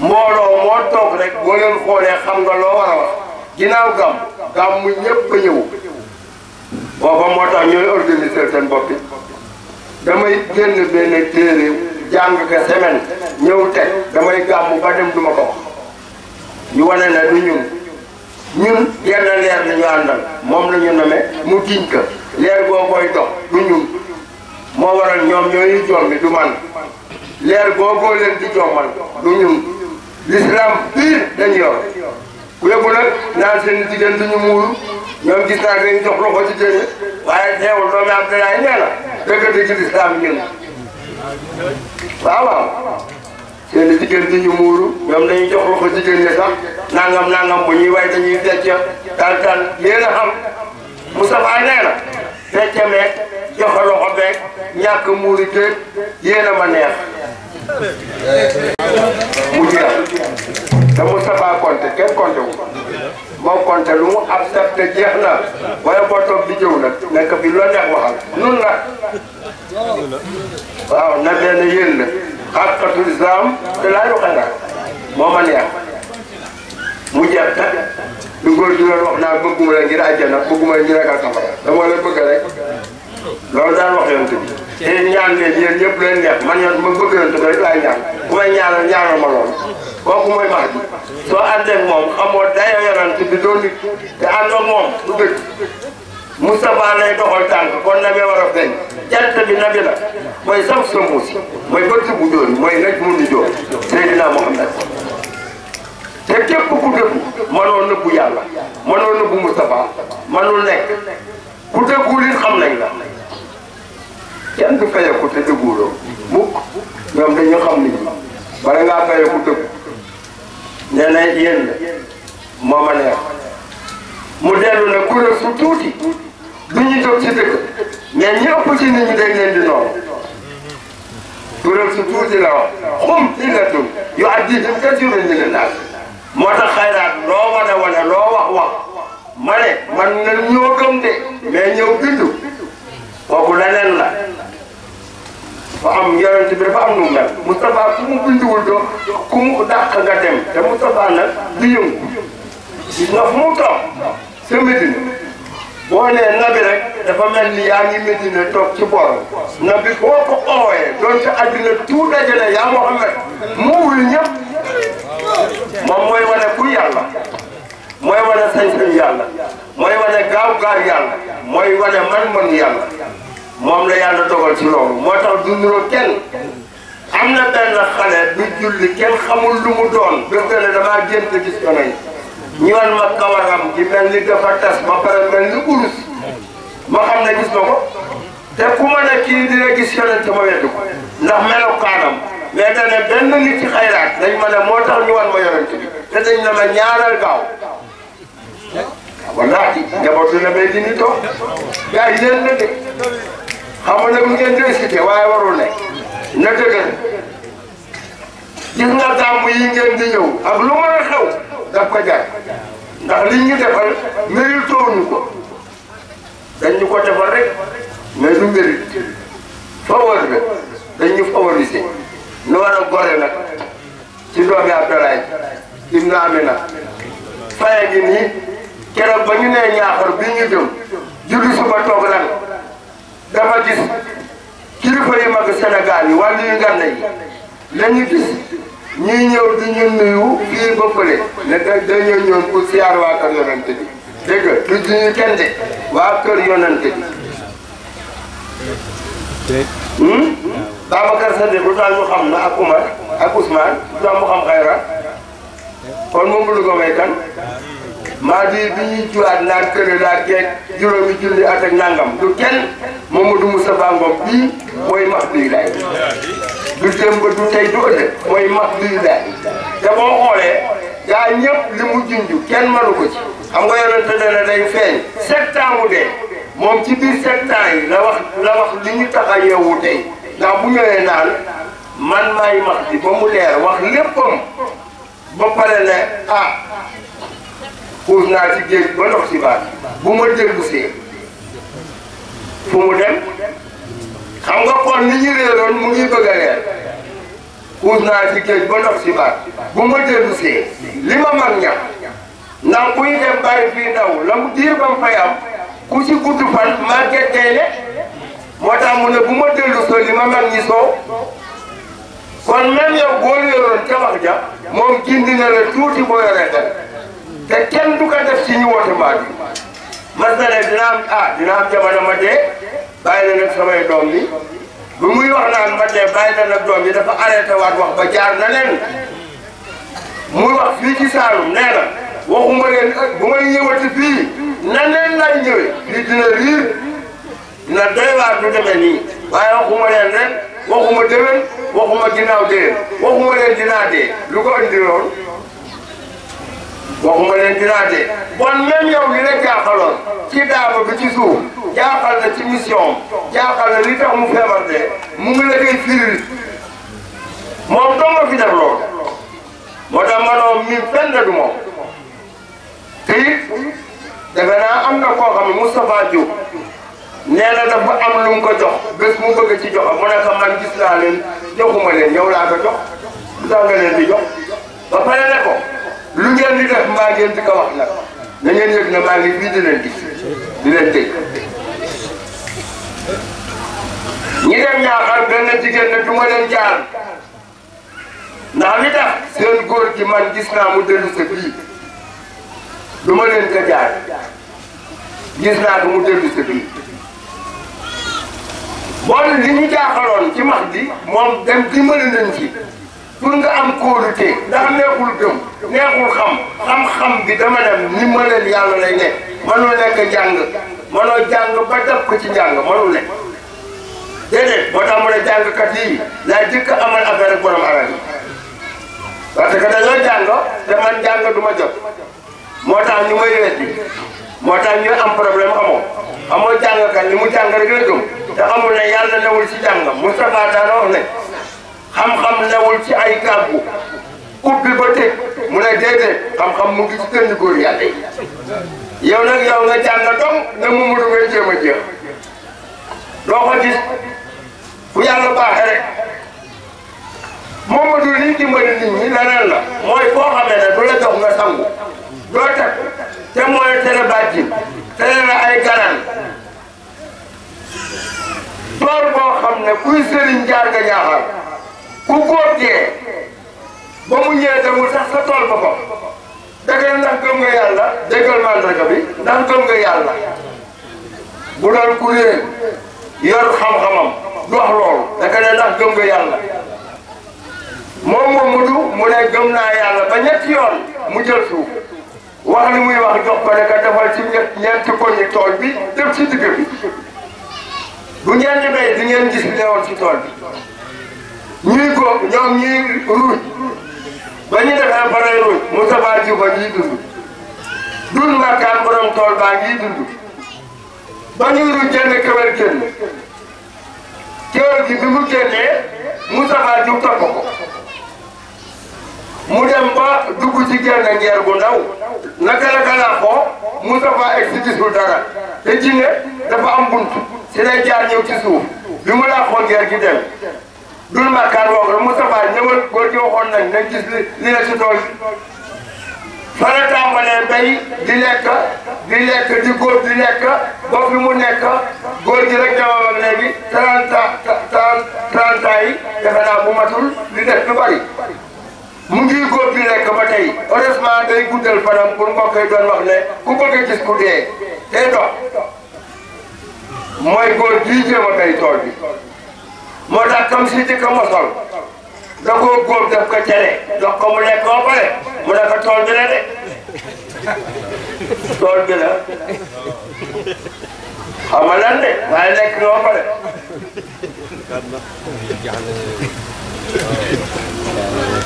Speaker 4: mbooloo moo toog rek boo leen xoolee xam nga loo war a wax ginnaaw gàmm gàmm ñëpp a ñëw booba moo tax ñooy organiser seen bopp bi damay génn benn téere jàng ko semaine ñëw teg damay gàmm ba dem duma ko ñu wane ne du ñun ñun genn leer la ñu àndal moom la ñu nome mu diñ ka leer goo koy dox du ñun moo waral ñoom ñooy jombi du man leer goo koo leen di jommal du ñun l'islam biir dañu yor ku yóbbu nag naan seen jigéen duñu muuru ñoom gis naa dañu jox loxo ci jëne waaye teewul doomi Abdoulaye nee na dëgg dëgg l'islam ñun waaw waaw yenn jigéen ji ñu muuru ñoom dañuy jox loxo jigéen ñi sax nangam nangam bu ñuy way dañuy fecc daal daal yéen a xam Moustapha nee na fecc meeg joxe loxo beeg ñàkk muuru jéeg yéen a ma neex mu jeex te Moustapha Konté kenn konté wu moo compté lu mu ab def te jeex na wala boo toog di jëw nag nekk bi loo neex waxal nun la a na benn yéen la xaqatul islam te laay lu xayra moo ma neex mu jeex nag du góor ju doon wax naa bëgguma la ngir àjjana bëgguma la ngir ragal safara dama la bëgg rek loolu daan wax yonent bi te ñaan leen yéen ñëpp leen neex man yoon ma bëgg yonent bi rek laay ñaan ku may ñaanal ma loolu kooku mooy mag bi soo àndee moom xamoo daya yonent bi doo te ànd ak moom du dëgg Moustapha lay doxal tànk kon nabi war a feeñ jant bi la mooy saf sa muus mooy bëtt bu jóor mooy naj mu ni jóor Seydina Muhammad te képp ku dëggu mënoo nëbbu yàlla mënoo nëbbu Moustapha mënul nekk ku dëggu li xam nañ la kenn du fayeku te dëgguloo mukk ñoom dañu xam nit ñi bala ngaa fayeku dëggu nee na yéen moo mu dellu ne kuréel su tuuti du ñu toog ci dëkk mais ñi ëpp ci nit ñi leen di noonu kuréel su tuuti la wax ci la tudd yu at bii dem ni la
Speaker 1: moo tax xayraat loo mën a loo wax
Speaker 4: wax ma ne man ñoo gëm de mais ñëw bindu kooku leneen la. am yonent bi dafa am nu mel Moustapha ku mu bindiwul doo ku mu dàq nga dem te Moustapha nag du yëngu gis nga fu mu toog sa Medina boo nee nabi rek dafa mel ni yaa ngi Medina toog ci borom nabi boo ko oowee doon sa àddina tout dajale yaa Muhammad mu wul ñëpp moom mooy wane ku yàlla mooy wane sañ-sañ yàlla mooy wane gaaw gaar yàlla mooy wane man-man yàlla moom la yàlla dogal ci loolu moo tax du niroo kenn am na benn xale bi julli kenn xamul lu mu doon def dama damaa gént gis ko nañ ñëwal ma kawaram gi mel ni dafa tas pare mel ni urus ma xam ne gis na ko te ku ma na kii dina gis yonent ma weddu ko ndax melokaanam mais dañ ne benn nit ci xayraat dañ ma ne moo tax ñu wan ma yonent bi te dañ ne ma ñaaral gaaw wallaahi njabootu na bay di ñu toog gars yi leen na de xam nga nag ngeen di excité waaye warul ne na dëgër gis nga tàmm yi ngeen di ñëw ak lu mën a xew daf ko jar ndax liñ ñu defal mérite wuñu ko dañ ñu ko defal rek mais du mérite faveur bi dañ ñu favoriser nu war a gore nag ci doomi Abdoulaye Ibn Amina faye gi nii keroog ba ñu nee ñaaxar bi ñu jëm julli suba toog dafa gis kilifa yu mag Sénégal yi wàllu yu ngànna yi la ñu ñuy ñëw di ñu nuyu fii ba fële da dañoo ñëw pour siyaar waa kër yonante bi dégg du duñu kenn de waa kër yonante bi hmm? Babacar Sadé bu tax ñu xam na ak Oumar ak Ousmane bu tax mu xam Xayra kon moom bu lu may kan maa di bi ñuy jiwaat naan kële laa geeg juróomi junni at ak nangam du kenn Mamadou Moustapha Ngom bii mooy Mahdi Laay du démb du tey du ëllëg mooy Mahdi Laay te boo xoolee gaa ñëpp li mu junju kenn mënu ko ci xam nga yonente dana day feeñ sept ans moom ci biir sept la wax li ñu tax a yeewu tey bu ñëwee naan man maay Mahdi ba mu leer wax léppam ba pare ne ah xuus naa ci géej ba ndox ci baat bu ma dellu mu dem xam nga kon li ñu réeroon mu ngi bëgg a leer naa ci géej ba ndox ci baat bu ma dellu see li ma mag ñax ndax kuy dem bàyyi fii ndaw la mu diir ba mu ku ci gudd fan màgget day ne moo tax ne bu ma dellu soo li ma mag ñi soow kon même yow boo réeroon ca wax ja moom gindi na la tuuti boo yoree te kenn du ko def ci ñu woote mbaat bi mas na ne dina am ah ma dee bàyyi la nag samay doom bi bu muy wax naan ma dee bàyyi la doom bi dafa arrêté waat wax ba na leen muy wax fii ci Saalum waxuma leen waxuma leen waxuma déwén waxuma waxuma leen dinaa dee lu ko indi ma leen diraate bon même yow li la jaaxaloon ci daaba bi ci suuf jaaxal na ci mission jaaxal na li tax mu feebar de mu ngi la koy firil moom dong fi def
Speaker 5: moo
Speaker 4: tax ma doon min fenn du moom te it defe naa am na koo xam ne Moustapha Diop nee na dafa am lu mu ko jox bés mu bëgg ci jox mu ne ko man gis naa leen joxuma leen yow laa jox lu tax nga leen di jox ba pare ne lu ngeen di def mbaa ngeen di ko wax nag na ngeen yëg maa ngi di leen gis di leen dégg ñi dem ñaaxal benn jigéen ne du ma leen jaar ndax li tax seen góor gi man gis naa mu dellu sa fii du ma leen ko jaar gis naa ko mu dellu sa fii bon li ñu jaaxaloon ci max bi moom dem dimbali nañ ci pour nga am kóolute ndax neexul gëm neexul xam xam-xam bi dama dem ni ma yàlla lay ne mënoo nekk jàng mënoo jàng ba def ko ci njàng mënul ne déedéet boo tax mu ne jàngkat yi laa jëkk amal affaire ak borom alal yi
Speaker 1: parce que dañoo jàng
Speaker 4: te man jàng jot moo tax ñu may wet bi moo tax ñu am problème amoo amoo jàngkat li mu jàng rek la gëm te xamul ne yàlla newul ci jàng Moustapha daana wax ne xam-xam newul ci ay kàggu ubbi ba tëj mu ne déedéet xam-xam mu ngi ci tënnu góor yàlla yi yow nag yaw nga jàng dong ne mu mënu ngay jéem a jeex doo ko gis bu yàlla baaxee rek Momadou liy dimbali nit ñi leneen la mooy koo xamee ne du la jox nga sangu doo teg te mooy tere bàjji tere la ay garan door boo xam ne kuy sëriñ jaar nga ñaaxal. ku góor dee ba mu ñëwee te mu sa tool ba ko dangay ndax gëm nga yàlla déggal mandarga bi ndax gëm nga yàlla bu doon ku réer yor xam-xamam du wax loolu danga ne ndax gëm nga yàlla moom moom mu du mu ne gëm naa yàlla ba ñetti yoon mu jël suuf wax li muy wax jox ko ne ka defal ci ñett ñeenti koñi tool bi dem ci digg bi bu ngeen di bay di ngeen gis li ci tool bi ñuy góob ñoom ñuy ruuj ba ñu defee ba lay ruuj Moustapha Diouf a ngi dund dund Mbarkane borom tool baa ngi dund ba ñuy ruuj génn kéwél génn kéwél gi bi mu génnee Moustapha Diouf topp ko mu dem ba dugg ci génn ngeer bu ndaw naka la gànnaaw ko Moustapha egg si gisul dara te bunt ci lay jaar ñëw ci suuf bi mu ngeer gi dem. dul màkkaat woo ko Moustapha ñëwal góor gi waxoon nañ nañ gis li li la ci tool bay di lekk di lekk di góor di lekk ba mu nekk góor gi rek jamono léegi trente ans trente ans matul li def lu bari mu ngi góor di lekk ba tey heureusement day guddal fanam pour mbokk yi doon wax ne ku bëgg a gis ku dee day dox mooy góor bii jéem a bay tool bi moo tax comme si di mosol da koo góob daf ko jëlee jox mu lekk ba pare mu ne ko tool bi la de tool bi la nga lan lekk nga ba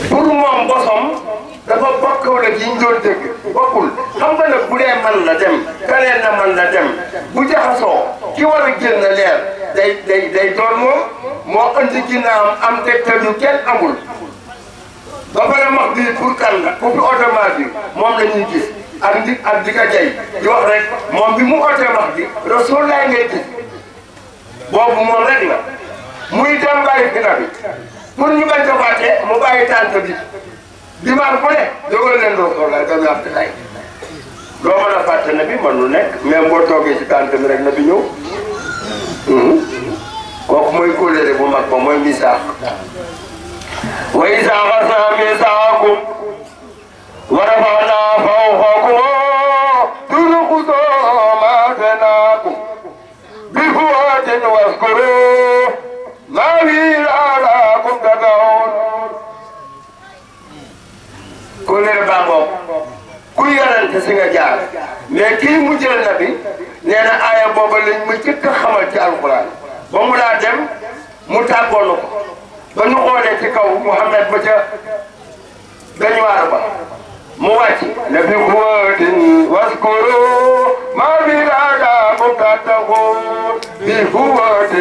Speaker 4: pour moom bosom dafa bokkul ak yi ñu doon dégg bokkul xam nga nag bu man la dem kaneen na man la dem bu jaxasoo ki war a génn leer day day day doon moom moo andi ginnaawam am tegtal yu kenn amul ba pare max bii pour kan ku fi oto bi moom la ñuy gis ak di ka jay di rek moom bi mu oto max bi rasul laay ngay gis boobu moom rek la muy dem bàyyi gina bi pour ñu bañ ko fàtte mu bàyyi a bi dimanche bu ne jógal leen doo ko laaj doo nga xam lay doo mën a fàtte na bi mënul nekk même boo toogee ci tànk bi rek na bi ñëw mhm. kooku mooy kóllëre bu mag ba mooy misaax wa izaa axadnaa miisaakum wa rafa'naa fawqakum turuqu maa aataynakum bi quwwatin wazkuruu maa wii loola kum gagawun ku leer bàngoom ku yarante si nga jaar mais kii mujjal na bi nee na aaya booba lañ ma jëkk a ci alxuraan ba mu daa dem mu tàggoonu ko ba ñu xoolee ci kaw Muhammad ba ca gañuwaar ba mu wàcc na bi xuwaatin waskuru maa wii loola kum gagawun بقوة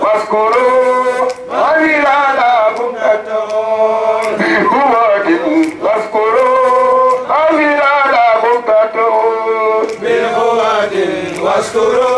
Speaker 4: واذكروا أميرانكم تتقون بقوة واذكروا أميرانكم تتقون بقوة واذكروا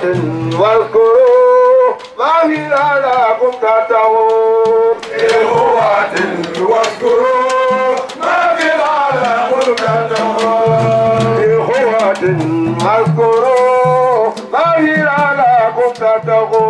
Speaker 4: Latin was Guru, Lahira la Pumtatao. Latin was Guru. Maskoro, Mahira la Kuntatago, Ilhuatin, Maskoro, Mahira la Kuntatago.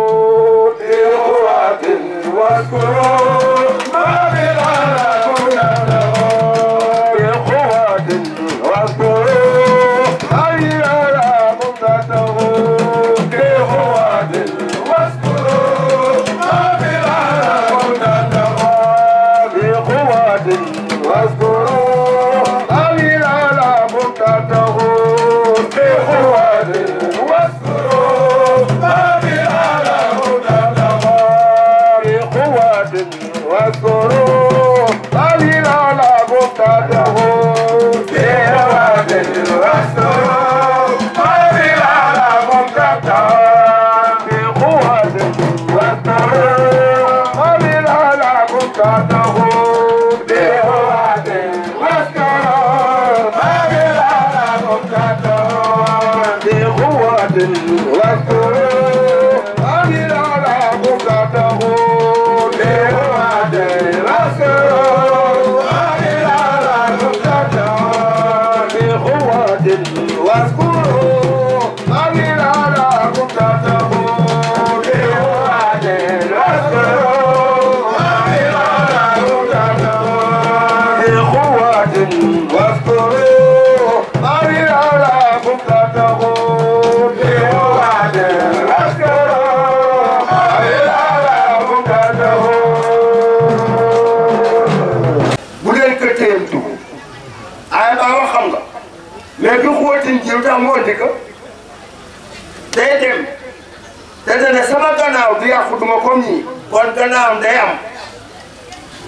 Speaker 4: gannaawam day am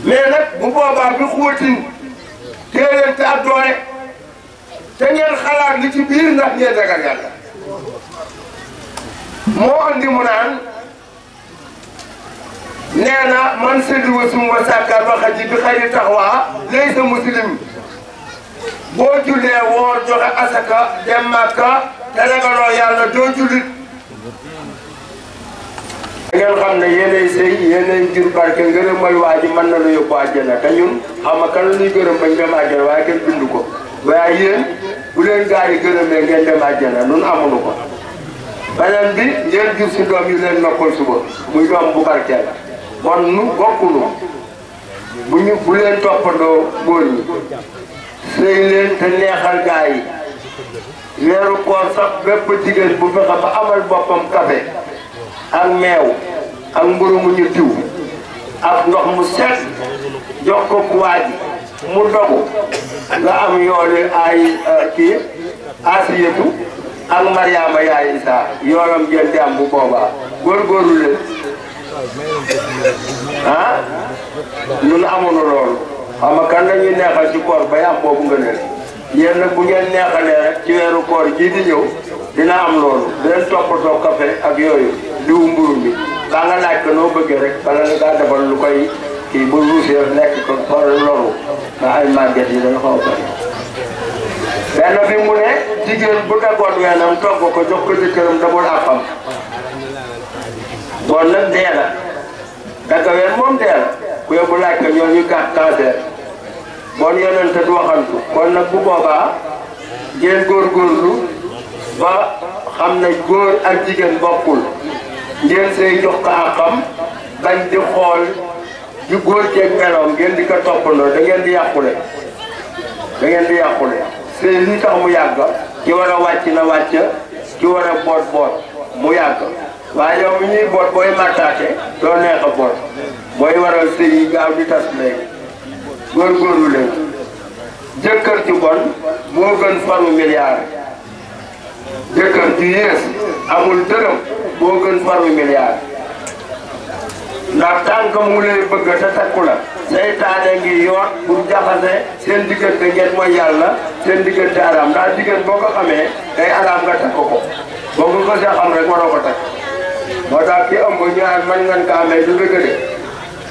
Speaker 4: nag bu boobaa bi xuutin téeleen te ak doole te ngeen xalaat li ci biir ndax ngeen moo andi mu naan nee na man seddu wa sum wa sàkkar ba xaji bi tax waa lay sa boo jullee woor joxe asaka dem màkka te ragaloo doo jullit da ngeen xam ne yéenay sëy yéenay jur barke ngërëmal waa ji mën na la yóbbu àjjana te ñun xam nga kan gërëm bañ dem àjjana ko waaye yéen bu leen gaa yi nun amuñu ko beneen bi ngeen jur si doom yu leen noppal suba muy doom bu barkeel kon nu bokkunu bu ñu bu leen toppandoo góor ñi sëy te neexal gaa yi weeru koor sax bépp jigéen bu fexe ba amal boppam kafe ak meew ak mburu mu ñu diw ak ndox mu set jox ko kuwaa mu dogu nga am yoolu ay euh, kii asiyatu ak mariama yaay isa jëndi am bu boobaa góorgóorlu leen ah ñun amoon na loolu xam ñuy neexal ci koor ba boobu nga ne yéen nag bu ngeen neexalee rek ci koor ji di ñëw dina am loolu leen toppatoo café ak yooyu diwu mburu mi daa nga laaj noo bëggee rek bala nga daa defal lu koy kii bu ruusee nekk ko war loru ay màgget yi dañ xaw bari benn bi mu ne bu daggoon weenam togg ko jox bon yonente du waxantu kon nag bu boobaa ngeen góorgóorlu ba xam na góor ak jigéen bokkul ngeen sey jox ko àqam bañ di xool di góor ceeg meloom ngeen di ko toppandoo da ngeen di yàqule da ngeen di yàqule sëy li tax mu yàgg ki war a wàcc na wàcc ki war a boot boot mu yàgg waaye yow mi ñuy boot booy màttaate doo neex a boot mooy waral sëy yi gaaw di tas léegi góorgóorlu leen jëkkër ju bon moo gën faru milliard jëkkër ju yées amul dërëm moo gën faru milliard ndax tànk mu lay bëgg te takku la seytaane ngi yoot bu jaxase seen diggante ngeen mooy yàlla seen diggante araam ndax diggante boo ko xamee day araam nga takk ko boo ko ko see rek waroo ko moo tax ki ëmb ñaar man ngeen ko amee du dëgg de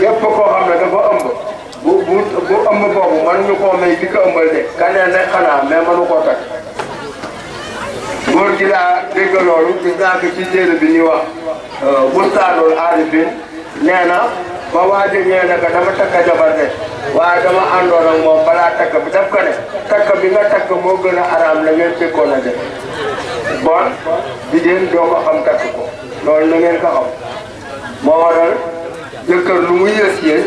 Speaker 4: képp koo xam ne dafa ëmb bu bu bu ëmb boobu mënuñu koo may di ko ëmbal de kaneen ne xanaa mais mënu ko takk góor gi laa dégg loolu gis naa ci téere bi ñuy wax bustaanul euh, aarifin nee na ba waajo ñee ne dama takk jabar de waaye dama àndoon ak moom balaa takk bi daf ko ne takk bi nga takk moo gën a araam la ngeen a def bon jigéen doo ko xam takk ko loolu na ngeen xam moo waral jëkkër lu mu yées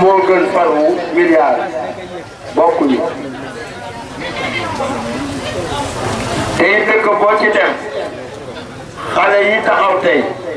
Speaker 4: Morgan gën faru milhar, bokku Tem que eu vou te dar. dem xale yi